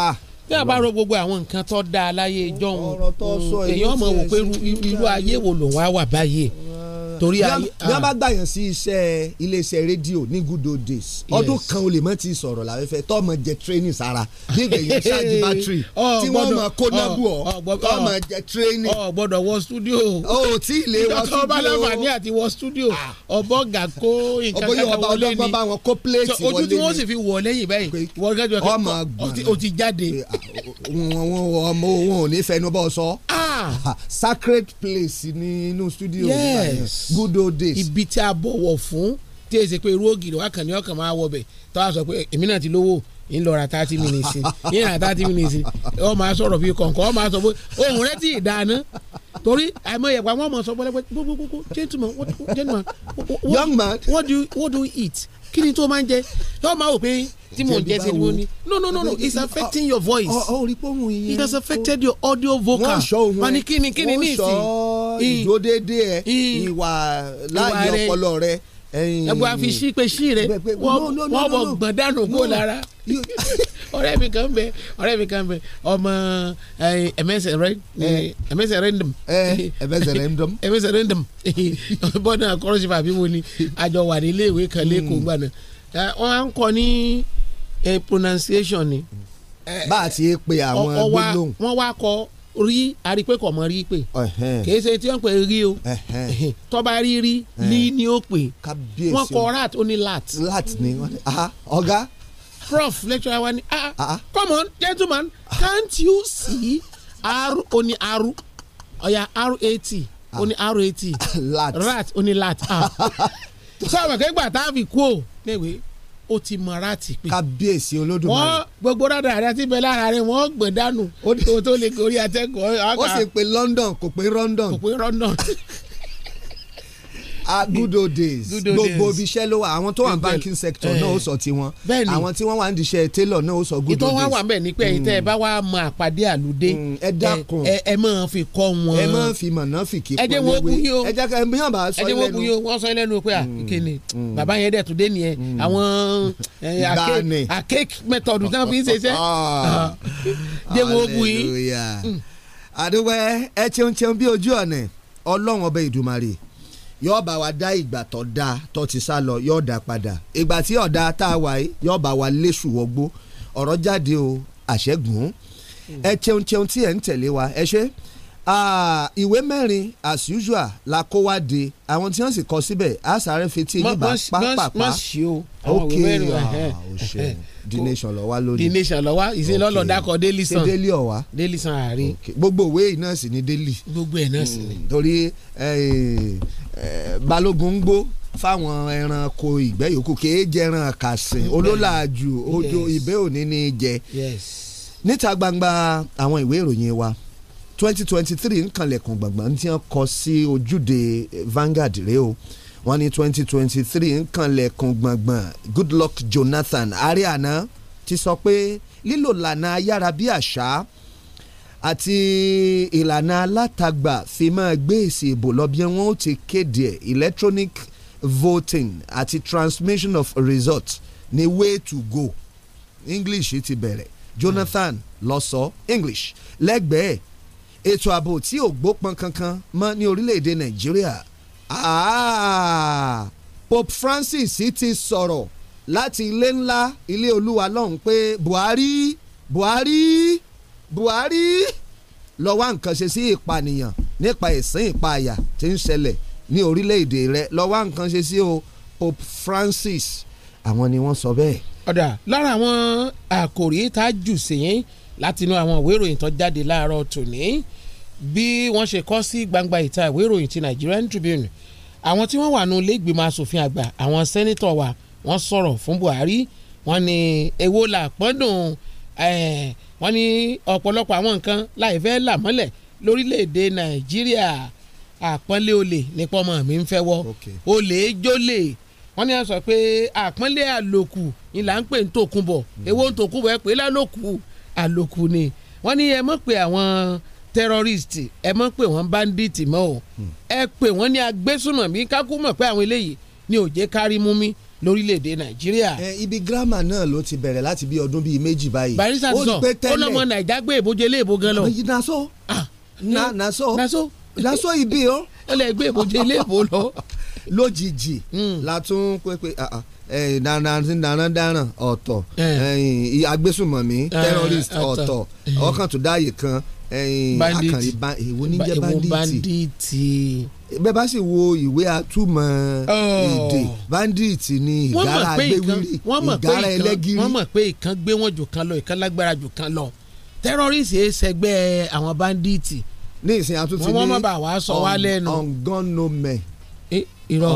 ah bí a bá rò gbogbo àwọn nǹkan tó dáa láyé ìjọ́un èèyàn mọ̀ wò pé irú ayé wo lòun á wà báyìí torí ayé bí wọ́n ah. bá gbà yàn sí iṣẹ́ iléeṣẹ́ rédíò ní good old days ọdún kan o lè mọ̀ ti sọ̀rọ̀ láfẹ́fẹ́ tọ́mọ jẹ training sára nígbà yẹn ṣáàjì (laughs) bátìrì tí wọ́n mọ̀ kónágù ọ̀ tọ́mọ jẹ training. ọ gbọ́dọ̀ wọ studio. o tí ì lè wọ studio. ìjọba aláǹfààní àti wọ studio ah. ọbọ gà kó nǹkan kan wọlé ni ọbọ bá wọn kó pléètì wọlé ni. ojú tí wọ́n sì fi wọ̀ lẹ́yìn báyìí wọ́n gẹ́gẹ́ bí o ti jáde. Ah, ọmọ òun ò ní fẹnu bọ́ sọ. (laughs) sacred place ni inú studio. yes good old days ibi tí a bọ̀wọ̀ fún tí èsì pé irú ògiri wa kàn ní ọkàn máa wọ bẹ̀ tó a sọ pé èmi náà ti lówó ń lọ ra thirty minutes ní ra thirty minutes ọ máa sọ̀rọ̀ bíi kọ̀ǹkọ̀ ọ máa sọ pé ohun rẹ ti dáná torí àìmọye ẹ̀pà wọn máa sọ pé gbogbogbò gentleman what, gentleman what, what, young man what do you, what do you eat kí ni tó máa ń jẹ yọ máa wò pé tí mò ń jẹ́ sí ni no no no no it's affecting your voice it has affected your audio vocal wọ́n ní kíni kíni ní ìsìn. wọ́n sọ ìdódédé ẹ ìwà láàyè ọpọlọ rẹ ẹ̀bùn àfi sí pé sí rẹ wọ́n bọ̀ gbọ̀n dànù kó lára (laughs) ọ̀rẹ́ mi kan bẹ ọ̀rẹ́ mi kan bẹ ọmọ ẹ̀mẹsẹ̀rẹ́ndọ̀m ẹ̀mẹsẹ̀rẹ́ndọ̀m bọ́dà kọ́rọ́sì fàbí wo ni àjọ wà ní iléèwé kan lẹ́kọ̀ọ́ hmm. gbà náà wọ́n á ń kọ́ ní ẹ pronunciation ni. bá a ti pe àwọn gbólóhùn. wọ́n wá kọ rí arípé kọ̀ mọ́ rí pé kì í ṣe tí wọ́n pè rí o (laughs) tọ́ba rí rí ní ní ó pè wọ́n kọ rat ó ní lat. lat ni ọ̀gá. prof lecturer wa ni ah come on gentleman can't you see r ó ní r ọ̀ya rat ah. ó ní rat (laughs) rat ó ní lat. Ah. (laughs) sọ̀rọ̀ kẹ́gbà tá a fi kú o ó ti mọ ara ti pé. kábíyèsí olódùmarè. wọ́n gbogbo rádà rẹ ti bẹ lára rẹ wọ́n gbẹ̀ dànù kó tó lè gorí atẹ́kọ̀ọ́. ó sì pé London kò pé London. kò pé London. Ah, good old days gbogbo ibi iṣẹ́ ló wà àwọn tó wà banking sector náà ó sọ eh, tiwọn àwọn tí wọ́n wà ní iṣẹ́ tailor náà ó sọ good old days. ìtọ́ wa wà mẹ́ ni pé ẹ̀yin tẹ́ ẹ mm. bá wá mọ àpàdé àlùdé mm, ẹ dákun ẹ máa fi kọ́ wọn. ẹ máa fi mọ̀nà fi kí pọ̀ lẹ́wẹ́ ẹ jẹ́ ká ẹ bí wọ́n bá sọ lẹ́nu. ẹ jẹ́ wọ́n bu yín wọ́n sọ lẹ́nu pé àkíní mm, bàbá yẹn dẹ̀ tún dé nìyẹn àwọn àkéèkì mẹ́tọ̀dù náà fi ń ṣe iṣẹ́ ah. (laughs) jẹ́ yóò bá wa dá ìgbà tó da tó ti sá lọ yóò dá padà ìgbà tí ọ̀dà tá a wà yìí yóò bá wa léṣù wọgbó ọ̀rọ̀ jáde o àṣẹ́gun ẹ cheun hmm. cheun tí ẹ ń tẹ̀lé wa ẹ ṣe ìwé mẹ́rin as usual la kó wá de àwọn tí wọ́n sì kọ síbẹ̀ a sáré fetí yín bá pápápá ok ọ̀ṣẹ́ ah, the nation lọ wá lónìí the nation lọ wá ìsinlọ́lọ́ dákọ̀ daily sun daily ọ̀wá daily sun àárín gbogbo ìwé yìí náà sì ni daily gbogbo ẹ̀ náà sì ni hmm. torí balógun ń gbó fáwọn ẹranko ìgbẹ́ yòókù kì í jẹ ẹran kàsìn olólàájú ojo ìbẹ́ òní ni jẹ níta gbangba àwọn ìwé ìròyìn wa twenty twenty three nkanlẹ̀kùn gbọ̀ngbọ̀n tí wọ́n kọ sí ojúde Vanguard rèé o wọ́n ní twenty twenty three nkanlẹ̀kùn gbọ̀ngbọ̀n Goodluck Jonathan ààrẹ àná ti sọ pé lílò lànà ayárabíàṣá àti ìlànà alátagbà fi máa gbé èsì ìbò lọ bí wọn ó ti kéde electronic voting àti transmission of results ní way to go English ti bẹ̀rẹ̀ Jonathan mm. ló sọ English lẹ́gbẹ̀ẹ́ ètò ààbò tí ò gbópọn kankan mọ́ ní orílẹ̀-èdè nàìjíríà ah! Pope Francis ti sọ̀rọ̀ láti ilé ńlá ilé olúwa lọ́hùn pé Buhari Buhari Buhari lọ wá nǹkan ṣe sí ìpànìyàn nípa ìsìn ìpààyà tí ń ṣẹlẹ̀ ní orílẹ̀-èdè rẹ lọ wá nǹkan ṣe sí o Pope Francis àwọn ni wọ́n sọ bẹ́ẹ̀. ọ̀dà lára àwọn àkòrí tá a jù sí yín látinú àwọn ìwé ìròyìn tó jáde láàárọ̀ tòní bí wọ́n ṣe kọ sí gbangba ìta ìwé ìròyìn ti Nigerian Tribune àwọn tí wọ́n wà nù lẹ́gbìmọ̀ asòfin àgbà àwọn sẹ́nitọ̀ wa wọ́n sọ̀rọ̀ fún Buhari wọ́n ní èwo là pọ́ndùn wọ́n ní ọ̀pọ̀lọpọ̀ àwọn nǹkan láì fẹ́ là mọ́lẹ̀ lórílẹ̀‐èdè Nàìjíríà àpọ́nlé olè nípa ọmọ mi ń fẹ́ wọ́ olè jólè wọ́n ní a sọ pé àpọ́nlé àlòkù ni là ń pè ń tòkun bọ̀ hmm. èwo ń tòkun bọ̀ ẹ pé lálòkù àlòkù ni wọ́n ní ẹ mọ̀ pé àwọn terrorist ẹ mọ̀ pé wọ́n bandit mọ́ o hmm. ẹ pé wọ́n ní agbésùnmọ̀mí kákú mọ̀ pé àwọn eléyìí ni ò jẹ́ kárí mú mi lórílẹ̀‐èdè nàìjíríà. ẹ ibi girama náà ló ti bẹ̀rẹ̀ láti bí ọdún bíi méjì báyìí. barista sọ ó lọmọ naija gbé ìbòjẹ ilé ìbò gan lọ. naso ah, na naso naso naso ibi o. ó lè gbé ìbòjẹ ilé ìbò lọ. (laughs) lójijì hmm. la tún pé pé ah, ah darandaran eh, ọ̀tọ̀ eh. eh, agbésùmọ̀mí terrorist ọ̀tọ̀ ọkàn tó dáàyè kan akànrí èwo ní jẹ́ banditi bẹ́ẹ̀ bá sì wo ìwé atúmọ̀ oh. èdè bandit ni ìgárá agbéwìrì ìgárá ẹlẹ́gìrì. wọ́n mọ̀ pé ìkan gbé wọn jù kan lọ ìkan lágbára jù kan lọ terrorist ẹ̀ ṣẹgbẹ́ àwọn bandit ní ìsìn àtúntì ní wọ́n mọ̀ bá wàá sọ wá lẹ́nu. ọ̀ngọ́nọ́mẹ̀. irọ́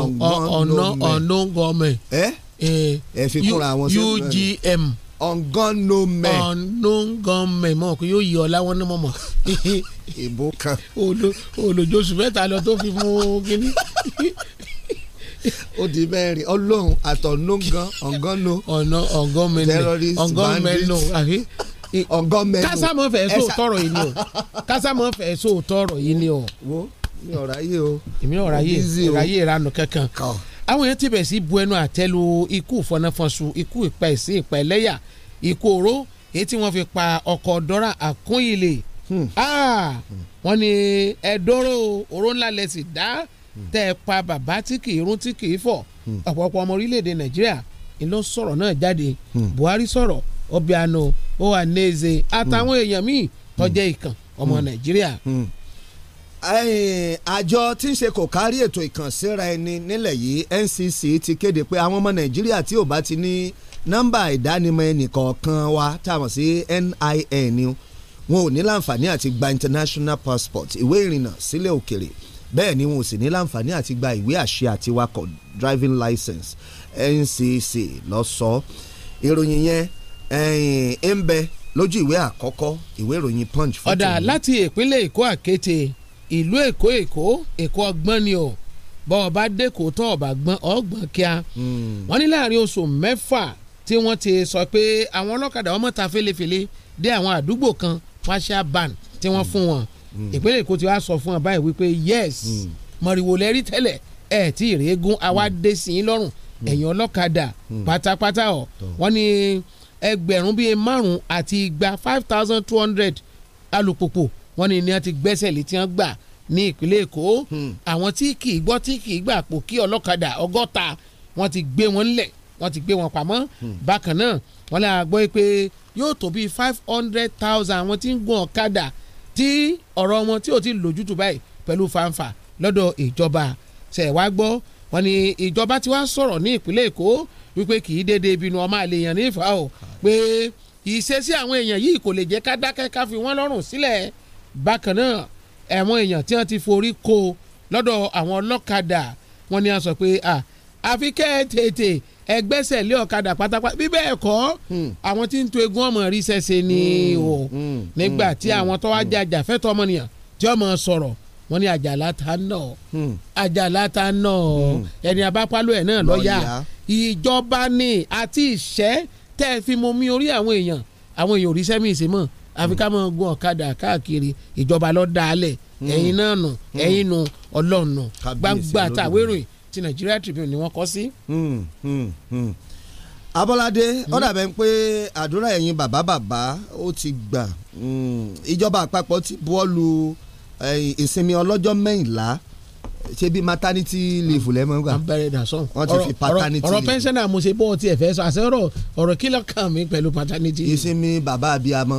ọ̀nà ọ̀nà gọ́mẹ̀. ẹ́ Eh, ẹ fi kúnra wọn sẹ́yìn náà ugm ọ̀ngàn no mẹ́. ọ̀ngàn mẹ́ mọ̀ pé yóò yí ọ̀la wọn ní mọ̀mọ́. (laughs) ìbò kan. olùjọsùn mẹ́ta lọ tó fi fún kínní. ó di mẹ́rin ọlọ́run àtọ̀nùgàn ọ̀ngàn no. ọ̀nà ọ̀ngàn mẹ́nu terrorist bandit ọ̀ngàn mẹ́nu. kásámọ̀ fẹ́ so tọrọ yìí ni o kásámọ̀ fẹ́ so tọrọ yìí ni o. wo mi ò ráyè o. èmi ò ráyè ráyè ìranù kankan àwọn èèyàn ti bẹ̀ sí bu ẹnu àtẹ́lu ikú ìfọnáfọnsu ikú ìpa ẹ̀sìn ìpa ẹlẹ́yà ikú oró èyí tí wọ́n fi pa ọkọ̀ dọ́rà àkúnyìlè hmm. ah, wọ́n ní ẹ̀dọ́rọ̀ oró ńlá lẹ̀ sì dá hmm. tẹ́ ẹ pa bàbá tí kì í rún tí kì í fọ̀ hmm. ọ̀pọ̀lọpọ̀ ọmọ orílẹ̀-èdè nàìjíríà ìlọ sọ̀rọ̀ náà jáde buhari sọ̀rọ̀ obiano ohaneze àtàwọn èèyàn míì tó jẹ́ ìkàn ọmọ nàìjíríà àjọ tí ń ṣe kò kárí ètò ìkànsíra ẹni nílẹ̀ yìí NCC ti kéde pé àwọn ọmọ Nàìjíríà tí ò bá ti ní nọ́mbà ìdánimọ̀ ẹnìkọ̀ọ̀kan wa tá sí NIN wọn ò ní láǹfààní àti gba international passport ìwé ìrìnnà sílẹ̀ òkèrè bẹ́ẹ̀ ni wọn ò sì ní láǹfààní àti gba ìwé àṣẹ àti wakọ̀ driving license NCC lọ sọ ìròyìn yẹn ń bẹ lójú ìwé àkọ́kọ́ ìwé ìròyìn punch. ọ̀dà láti ìpínlẹ̀ Èkó àkété ìlú èkó èkó èkó ọgbọ́n ni o bọ́ọ̀ bá dẹ́kọ̀ tó ọ̀bà gbọ́n ọgbọ́n kíá hmm. wọ́n ní láàrin oṣù mẹ́fà tí wọ́n ti sọ pé àwọn ọlọ́kadà ọmọ ta fẹ́lẹ́fẹ́lẹ́ dé àwọn àdúgbò kan partial ban tí wọ́n fún wọn hmm. ìpínlẹ̀ èkó ti wá sọ fún wọn báyìí wípé yes hmm. mọ̀rìwò lẹ́rí tẹ́lẹ̀ ẹ̀ tí ìrẹ́gún àwa dé sí i lọ́rùn ẹ̀yìn ọlọ́kadà pátápátá ọ̀ wọ́n ní ẹgbẹ̀rún bíi márùn-ún àti igba five thousand two hundred alùpùpù wọ́n ní ni wọ́n ti gbẹ́sẹ̀ létí wọ́n gbà ní ìpínlẹ̀ èkó hmm. àwọn tí kì í gbọ́ tí kì í gbà pò kí ọlọ́kadà ọgọ́ta wọ́n ti gbé wọn lẹ̀ wọ́n ti gbé wọn pamọ́ hmm. bákan náà wọ́n lè gbọ́ pé yóò tó bíi five hundred thousand àwọn tí ń gun ọ̀kadà tí ọ̀rọ̀ wọn tí ò ti lójútu báyìí pẹ̀lú fanfa lọ́dọ̀ ìjọba ṣe wá gbọ́ wọ́n ní ìjọba ti wá sọ̀rọ̀ ní ìpínlẹ̀ èkó wípé kì í dédé ibinu ọmọ àlè èèyàn nífà o pé ìṣesí àwọn èèyàn yìí kò lè jẹ́ ká dákẹ́ ká fi wọ́n lọ́rùn sílẹ̀ bákan náà ẹ̀wọ̀n èèyàn tí wọ́n ti forí ko lọ́dọ̀ àwọn ọlọ́kadà wọn ni a sọ pé à àfi kẹ́ ẹ tètè ẹgbẹ́sẹ̀ lé ọ̀kadà pátápátá bí bẹ́ẹ̀ hmm. àwọn tí ń to egun ọmọ rí sẹ́sẹ̀ ni hmm. o hmm. nígbà tí àwọn tó wá jẹ àjàfẹ́tọ̀ ọmọnìyàn tí ọmọ sọ̀rọ̀ wọ́n ní àjàlá ta náà àjàlá ta náà ẹni abápálọ̀ ẹ̀ náà lọ́ọ̀yà ìjọba ni àti ìṣẹ́ tẹ́ ẹ fi mọ mi orí àwọn èèyàn àwọn èèyàn òrìṣẹ́ mi ìsìn àfi ká máa gun ọ̀kadà káàkiri ìjọba lọ́ọ́ dalẹ̀ hmm. ẹ̀yin náà nù hmm. ẹ̀yin nù ọlọ́run nù gbangba tàwé ti Nigeria Tribune ni wọ́n kọ sí. Hmm, Abọ́ládé ó dàbẹ̀ ń pé àdúrà ẹ̀yin bàbá bàbá ó ti gbà ìjọba àpapọ̀ ti buwọ́lu ìsinmi ọlọ́jọ́ mẹ́yìnlá ṣe bí maternity leave lẹ́mọ̀ gbà. wọ́n ti fi paternity leave. ọ̀rọ̀ pẹ́ńsẹ́nà mo ṣe bọ́ ọtí ẹ̀fẹ́ sọ àṣẹ ọ̀rọ̀ ọ̀rọ̀ kí ló kàn pẹ̀lú paternity. ìsinmi bàbá abiyamọ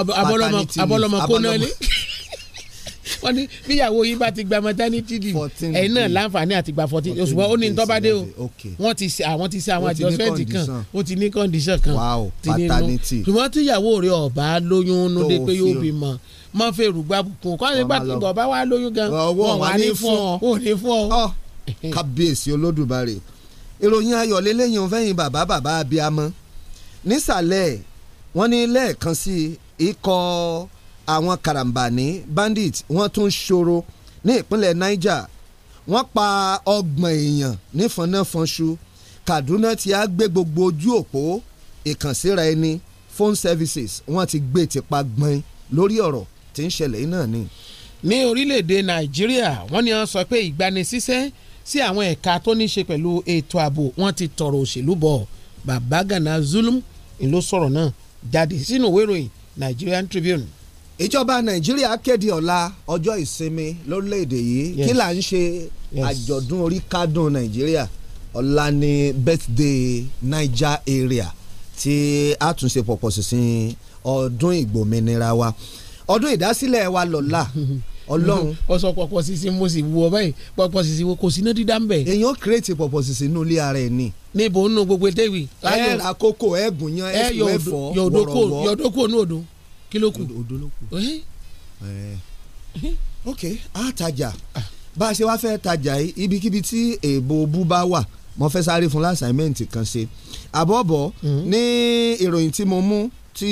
abọ́lọ́mọ kónáálé (laughs) wọ́n ní bíyàwó yìí bá ti gba maternity leave ẹ̀yin náà láǹfààní àti gba fourteen oṣùpọ̀ ó ní ní tọ́ba dé o wọ́n ti ṣe àwọn ti ṣe àwọn adjustment kan ó ti ní condition kan ti ní inú ṣùgbọ́n tíyàwó rẹ̀ ọ̀bá lóyún inú dé pé yóò bímọ má fẹ́ rúgbà kún kọ́ nígbà tí bọ̀bá wa lóyún gan wọ́n wà ní fún ọ ò ní fún ọ. Ah, kábíyèsí olódùbarè ìròyìn ayọ̀ lélẹ́yìn fẹ́yìn bàbá bàbá abiyamọ nísàlẹ̀ wọ́n ní lẹ́ẹ̀kan ikọ̀ àwọn karambani bandit wọ́n tún ṣòro ní ìpínlẹ̀ Niger wọ́n pa ọgbọ̀n èèyàn nífọ̀nàfọ̀nṣu Kaduna ti á gbé gbogbo ojú òpó ìkànsíra ẹni phone services wọ́n ti gbé tipa gbọ́n lórí ọ̀rọ̀ tí ń ṣẹlẹ̀ náà ni. ní orílẹ̀-èdè Nàìjíríà wọ́n ní wọ́n sọ pé ìgbanisíṣẹ́ sí àwọn ẹ̀ka tó ní ṣe pẹ̀lú ètò ààbò wọ́n ti tọrọ òṣèlú bọ̀ Babagana Zulum ló sọ̀rọ̀ náà jáde sínú ìwé ìròyìn Nigerian Tribune. ìjọba nàìjíríà kéde ọ̀la ọjọ́ ìsinmi lórílẹ̀‐èdè yìí kí là ń ṣe àjọ̀dún orí kádùn nàìjíríà ọ̀la ni birthday Niger area tí a tún ṣe pọ̀pọ̀ sísìn ọdún ìgbòmìnira wa ọdún ìdásílẹ̀ wa lọ́la (laughs) Ọlọ́run ọsọ (laughs) pọpọ sisi mo sì wú ọ báyìí pọpọ sisi wo kò sí iná dídá ń bẹ. èèyàn kírètì pọpọ sisi inú ilé ara ẹ ni. níbo nínú gbogbo tẹ́wì. ẹ ra kókó ẹ gùn yan ẹ sùn ẹ fọ wọ̀rọ̀wọ̀ yọdọ kúrò odò kí ló kù. odò ló kù eh? Eh. Eh? ok àtajà bá a ṣe wá fẹ́ tajà yìí ibikíbi tí èèbò bú bá wà mo fẹ́ sáré fún lásàmẹ́ǹtì kan ṣe àbọ̀bọ̀ hmm. ní ìròyìn tí mo mú tí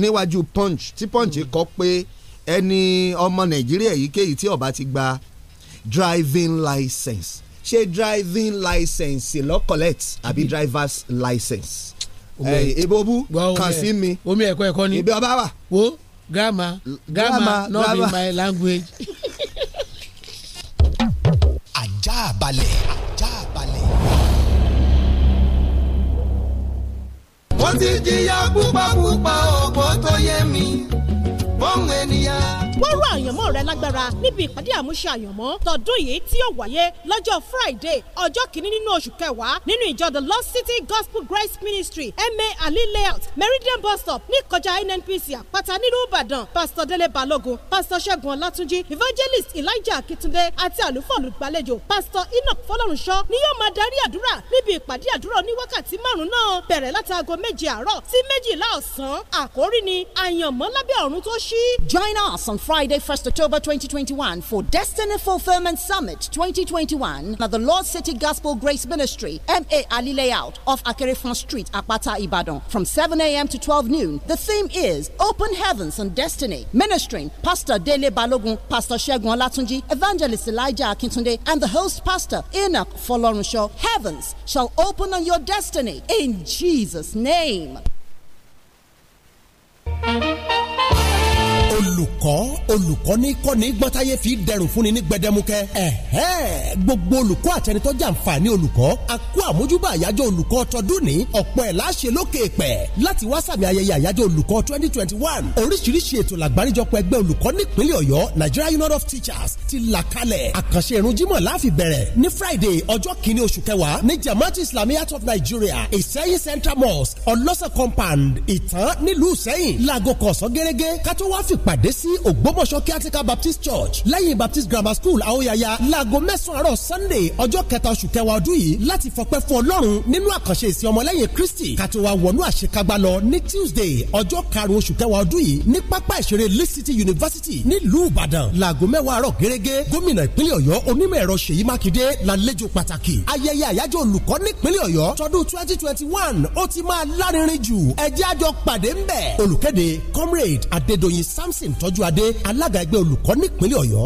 níwájú punch tí punch kọ pé ẹni ọmọ nàìjíríà èyíkéyìí tí ó ti gba driving license ṣé driving license lọ collect àbí drivers license ìbòbú kàn sí mi omi ẹ̀kọ́ ẹ̀kọ́ ni ibi ọba wà. wo grammar grammar not be my language. (laughs) ajá balẹ̀ ajá balẹ̀. mo ti jìyà púpà púpà ọ̀pọ̀ tó yé mi Bongwenia. wọ́rọ̀ àyànmọ́ rẹ lágbára níbi ìpàdé àmúṣe àyànmọ́ tọdún yìí tí yóò wáyé lọ́jọ́ Friday ọjọ́ kìíní nínú oṣù kẹwàá nínú ìjọ the Lost City Gospel Grace Ministry ma ali layout Meridian bus stop ní kọjá NNPC àpáta nílùú Ìbàdàn pásítọ̀ Délé Balógun pásítọ̀ Ṣẹ́gun Ọlátúnjí evangelist Elijah Akitunde àti àlùfọ́ọ̀lù gbàlejò pásítọ̀ Enoch Fọlọ́runṣọ́ ni yóò máa darí àdúrà níbi ìpàdé àdúrà ní wákàtí márùn náà bẹ̀rẹ̀ látago méje àárọ̀ sí méjìlá ọ̀sán àkórí ni àyànmọ́ lábẹ́ ọ̀run tó ṣí. Join us on Friday, 1st October 2021 for Destiny Fulfillment Summit 2021 at the Lord City Gospel Grace Ministry, MA Ali Layout off Akerefon Street, Apata, Ibadan from 7 a.m. to 12 noon. The theme is Open Heavens and Destiny. Ministering Pastor Dele Balogun, Pastor Shegun Latunji, Evangelist Elijah Akintunde, and the host pastor Enoch Folorunshaw. Heavens shall open on your destiny in Jesus' name. olùkọ́ olùkọ́ ní kọ́ni gbọ́táyé fi dẹrùn fúnni ní gbẹdẹmukẹ ẹ̀hẹ́ gbogbo olùkọ́ àtẹnitọ́ jàǹfààní olùkọ́ àkó àmójúbà àyájọ́ olùkọ́ tọdún ní ọ̀pọ̀ ẹ̀ láṣẹ lókè pẹ̀ láti wá sàmì ayẹyẹ àyájọ́ olùkọ́ twenty twenty one oríṣiríṣi ètò làgbáríjọpọ̀ ẹgbẹ́ olùkọ́ nípínlẹ̀ ọ̀yọ́ Nigeria Union of Teachers ti là kalẹ̀ àkànṣe ìrun jímọ̀ láàfin bẹ̀rẹ̀ ní Friday ọjọ́ kìíní oṣù kẹwàá ní Jamaat Islamiyat of Nigeria Ìsẹ́yìn Central Mosque ọlọ́sẹ̀ compound ìtàn nílùú Ìsẹ́yìn láago kọ̀ọ̀sán gẹ́gẹ́ kátó wá fi ìpàdé sí ògbómọ̀ṣọ́ kíátíkà baptist church lẹ́yìn baptist grammar school àwòyáyá láago mẹ́sàn-án àárọ̀ sunday ọjọ́ kẹta oṣù kẹwàá ọdún yìí láti fọpẹ́ fún ọlọ́run nínú àkànṣe ìsìn ọmọlẹ́yìn kristi kàtó wa wọnú àṣekágbá lọ ní tuesday ọjọ́ karùn-ún oṣù kẹwàá ọdún yìí ní pápá ìṣeré lee city university nílùú ìbàdàn láago mẹ́wàá àárọ̀ gẹ́gẹ́ gómìnà ìpínlẹ̀ ọ̀yọ́ onímọ̀ ẹ̀rọ ṣèyí mákindé lálejò pàtàkì ayẹyẹ àyájọ́ olùkọ́ nípínlẹ̀ ọ̀yọ́ tọdún twenty twenty one ó ti máa lárinrin jù ẹjẹ́ àjọ pàdé ńbẹ̀ olùkéde comrade adédoyin sá samson tọ́jú adé alága ẹgbẹ́ olùkọ́ nípínlẹ̀ ọ̀yọ́.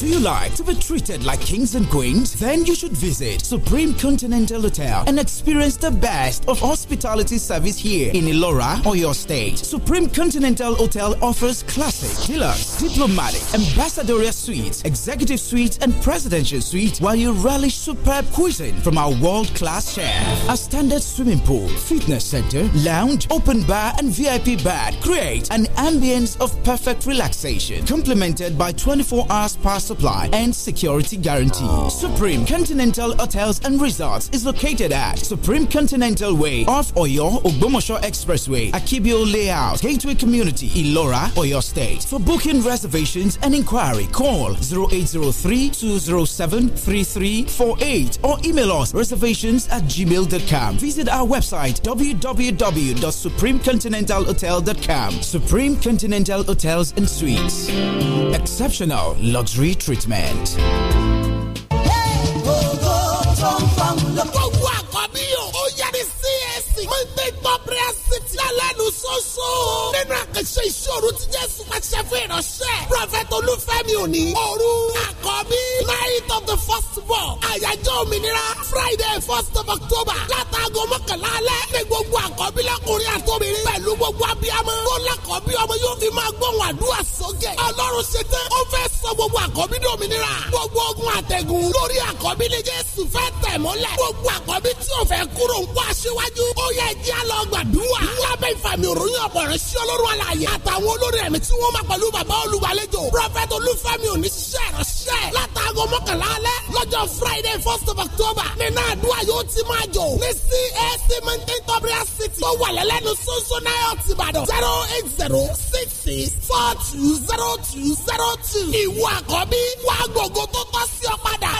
Do you like to be treated like kings and queens? Then you should visit Supreme Continental Hotel and experience the best of hospitality service here in Elora or your state. Supreme Continental Hotel offers classic, deluxe, diplomatic, ambassadorial suites, executive suites, and presidential suites while you relish superb cuisine from our world class chef. A standard swimming pool, fitness center, lounge, open bar, and VIP bar create an ambience of perfect relaxation, complemented by 24 hours spa supply and security guarantee. Supreme Continental Hotels and Resorts is located at Supreme Continental Way off Oyo Ogbomosho Expressway, Akibio Layout, Gateway Community, Ilora, Oyo State. For booking reservations and inquiry, call 0803-207-3348 or email us reservations at gmail.com. Visit our website www.supremecontinentalhotel.com. Supreme Continental Hotels and Suites. Exceptional luxury treatment. ọlọ́run ṣoṣo. nínú àkànṣe ìṣòro tí jésù máa ṣe fún ìránṣẹ́. prọfẹ̀tì olúfẹ́mi òní. òru àkọ́bí night of the first ball. àyájọ́ òmìnira friday first of october. látàgọ́ mọ́kànlá alẹ́. ní gbogbo àkọ́bí lọ́kùnrin àtòmìnrin. pẹ̀lú gbogbo abiyamọ. tó lákọ̀ọ́bí ọmọ yóò fi máa gbóhùn àdúrà sókè. ọlọ́run ṣe tán. ó fẹ́ sọ gbogbo àkọ́bí dòmìnira. gbogbo ogun àtẹ̀gùn lórí àkọ́bí ni jésù fẹ́ tẹ̀ mọ́lẹ̀. gbogbo àkọ́bí tí ò fẹ́ kúrò ń kó aṣíwájú. ó yẹ jẹ́ àlọ́ gbàdúrà. lábẹ́ ìfà àmì òròyìn ọ̀pọ̀ ìránṣẹ́ ọlọ́run àlàyé àtàwọn olórí ẹ̀mí tí wọ́n máa pẹ̀lú bàbá olùgbàlejò prọfẹ̀t olúfẹ́mi oníṣẹ́ ìránṣẹ́ látàgọ́ mọ́kànlá alẹ́ lọ́jọ́ friday first of october nínú àdúrà yóò ti máa jò ní cac maintain tobria city tó wà lẹ́lẹ́nu sunsun náírà ti ìbàdàn zero eight zero six six four two zero two zero two ìwọ àkọ́bí wàá gbogbo tó tọ́ sí ọ padà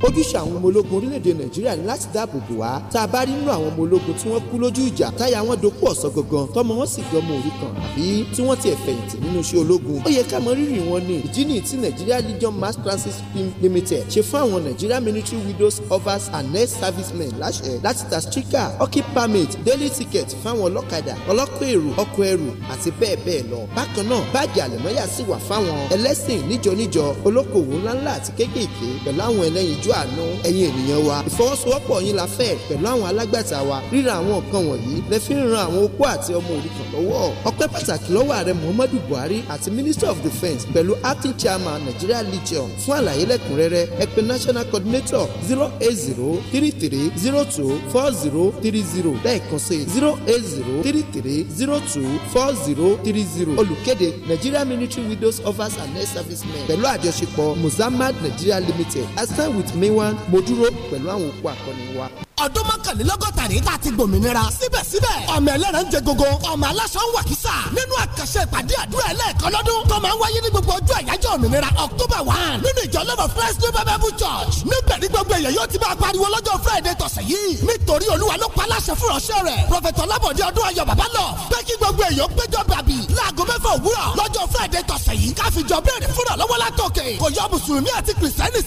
ojúṣe àwọn ọmọ ológun orílẹ̀-èdè nàìjíríà ni láti dáàbò bò wá tá a bá rí nínú àwọn ọmọ ológun tí wọ́n kú lójú ìjà táyà wọn dokú ọ̀sán gangan tọmọ wọn sì gbọmọ òrukàn àbí tí wọ́n tiẹ̀ fẹ̀yìntì nínú iṣẹ́ ológun ó yẹ ká mọ rírì wọn ni ìdí nìyí tí nigeria legion mass transit film limited ṣe fún àwọn nigeria military widows offers and next servicemen láṣẹ láti ta sticker hockey permit daily ticket fáwọn ọlọ́kadà ọlọ́kọ̀ èrò ọkọ̀ ẹrù àti bẹ́ẹ̀ bẹ́ẹ̀ lọ bákan náà báàgì àlẹ̀mọ́yà sì wà fáwọn ẹlẹ́sìn níjọ níjọ olókòwò ńláńlá àti kéékèèké pẹ̀lú àwọn ìjọ àánú ẹ̀yin ènìyàn wa ìfọwọ́sowọ́pọ̀ yín la fẹ́ pẹ̀lú àwọn alágbàtà wa ríra àwọn nǹkan wọ̀nyí lè fi ran àwọn opó àti ọmọ òrukàn lọ́wọ́ ọpẹ́ pàtàkì lọ́wọ́ ààrẹ Muhammadu Buhari àti Minister of Defence pẹ̀lú acting chairman Nigeria Lithium fún àlàyé lẹ́kùnrẹ́rẹ́ ẹ pè national coordinator zero eight zero three three zero two four zero three zero lẹ́ẹ̀kan sí zero eight zero three three zero two four zero three zero olùkéde Nigeria military widows offers and air servicemen pẹ̀lú àjọṣepọ̀ Mozambique Nigeria limited as time with Kenneth Miwan mo dúró pẹ̀lú àwọn òkú akọni wa ọdún mọ́kànlélọ́gọ́ta rèé tá a ti gbòmìnira síbẹ̀síbẹ̀ ọmọ ẹlẹ́ran ń jẹ gogo ọmọ aláṣọ ń wà kísà nínú àkànṣe ìpàdé àdúrà ẹlẹ́ẹ̀kan lọ́dún tó máa ń wáyé ní gbogbo ọjọ́ àyájọ́ òmìnira October one nínú ìjọ lọ́mọ First New Bible Church níbẹ̀ ní gbogbo èèyàn yóò ti máa pariwo lọ́jọ́ Friday tọ̀sẹ̀ yìí nítorí Olúwa ló pa aláṣẹ fún ọ̀ṣẹ́ rẹ̀ Prọfẹ̀tọ̀ Lábọ̀dé ọdún ayọ̀ bàbá lọ pé kí gbogbo èèyàn péjọ bàbí láago mẹ́fà òwúrọ̀ lọ́jọ́ Friday tọ̀sẹ̀ yìí káfíjọ bẹ̀rẹ̀ fúnra lọ́wọ́ látòkè kò yọ mùsùlùmí àti kìrìsìtẹ́nì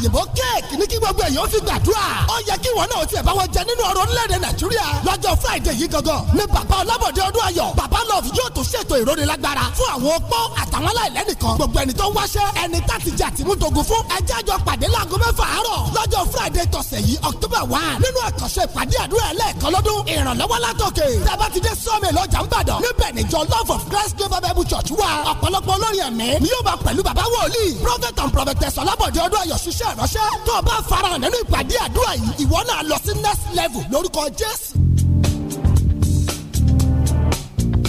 òyìnbó kéèkì ní kí gbogbo èèyàn fi gbàdúrà ó yẹ kí wọn náà tiẹ̀ bá wọn jẹ nínú ọrọ̀ orílẹ̀-èdè nàìjíríà lọ́jọ́ friday yìí gangan ni bàbá ọlábọ̀dé ọdún ayọ̀ bàbá love yóò tún ṣètò ìròde fún àwọn opó àtàwọn aláìlẹ́nìkan gbogbo ẹni tó ń wáṣẹ́ ẹni tàti jà tí mú fún ẹjẹ́ àjọ pàdé láago mẹ́fà àárọ̀ lọ́jọ́ friday tọ̀sẹ̀ yìí october and prophetess ọlábọ̀dé ọdún ránṣẹ́ tó o bá fara hàn nínú ìpàdé àdúrà yìí ìwọ náà lọ sí next level lórúkọ Jésù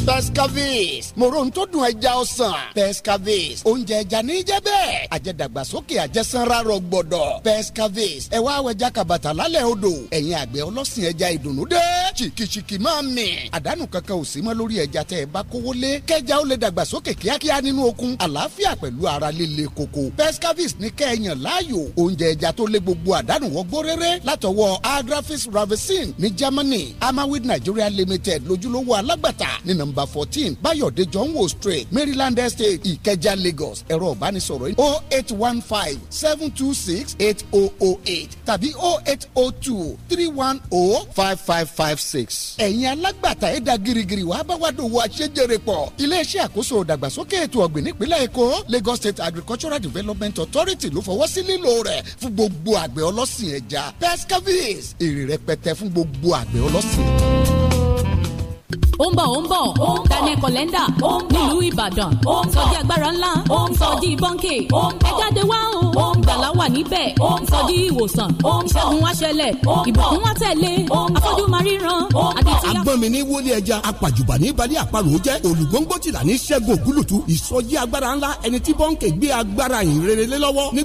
pescavis moronto dùn ẹja ọsàn pescavis oúnjẹ ẹja ní í jẹ bẹ́ẹ̀ àjẹdàgbàsókè àjẹsánra rọ gbọ́dọ̀ pescavis ẹ wá wẹja kàbàtà lálẹ́ odò ẹ̀yin àgbẹ̀ ọlọ́sìn ẹja ìdùnnú dé chìkìchìkì máa mì àdánù kankan ò sí mọ́ lórí ẹja tẹ́ ẹ bá kówó lé kẹja ó lè dàgbàsókè kíákíá nínú okun àlàáfíà pẹ̀lú ara líle koko pescavis ní kẹ́ẹ̀yàn láàyò oúnjẹ ẹja tó lé gbogbo àdánù wọgbó rere látọwọ́ agrafis ravesin ní Germany amawid Nigeria limited lójúlówó alágbàtà ní nàmb Number fourteen Bayọ̀dé Jọ̀ǹwò street Maryland estate Ikeja, Lagos ẹ̀rọ ìbánisọ̀rọ̀ o oh eight one five seven two six eight o oh o oh eight tàbí o eight o two three one o five five five six. ẹ̀yin alágbàtà ẹ̀dá girigiri wàá bá wa dòwò àṣejèrè pọ̀ iléeṣẹ́ àkóso ìdàgbàsókè ètò ọ̀gbìn nípínlẹ̀ Èkó Lagos State Agricultural Development Authority ló fọwọ́ sí lílo rẹ̀ fún gbogbo àgbẹ̀ ọlọ́sìn ẹja pescavis èrè rẹpẹtẹ fún gbogbo àgbẹ̀ ọlọ́sìn ó ń bọ̀ ó ń bọ̀ Daniel Kolenda nílùú Ìbàdàn sọjí agbára ńlá sọjí bọ́ńkè ẹ jáde wá o gbàlá wà níbẹ̀ sọjí ìwòsàn ìṣẹ́gun wá ṣẹlẹ̀ ìbùkún wá tẹ̀lé afọ́jú máa ríran àdìtí. agbọ́n mi ní wọlé ẹja apàjùbà ní balẹ̀ àparò jẹ́ olùgbóngbò tìlà ní ṣẹ́gun ògúlùtù ìsọjí agbára ńlá ẹni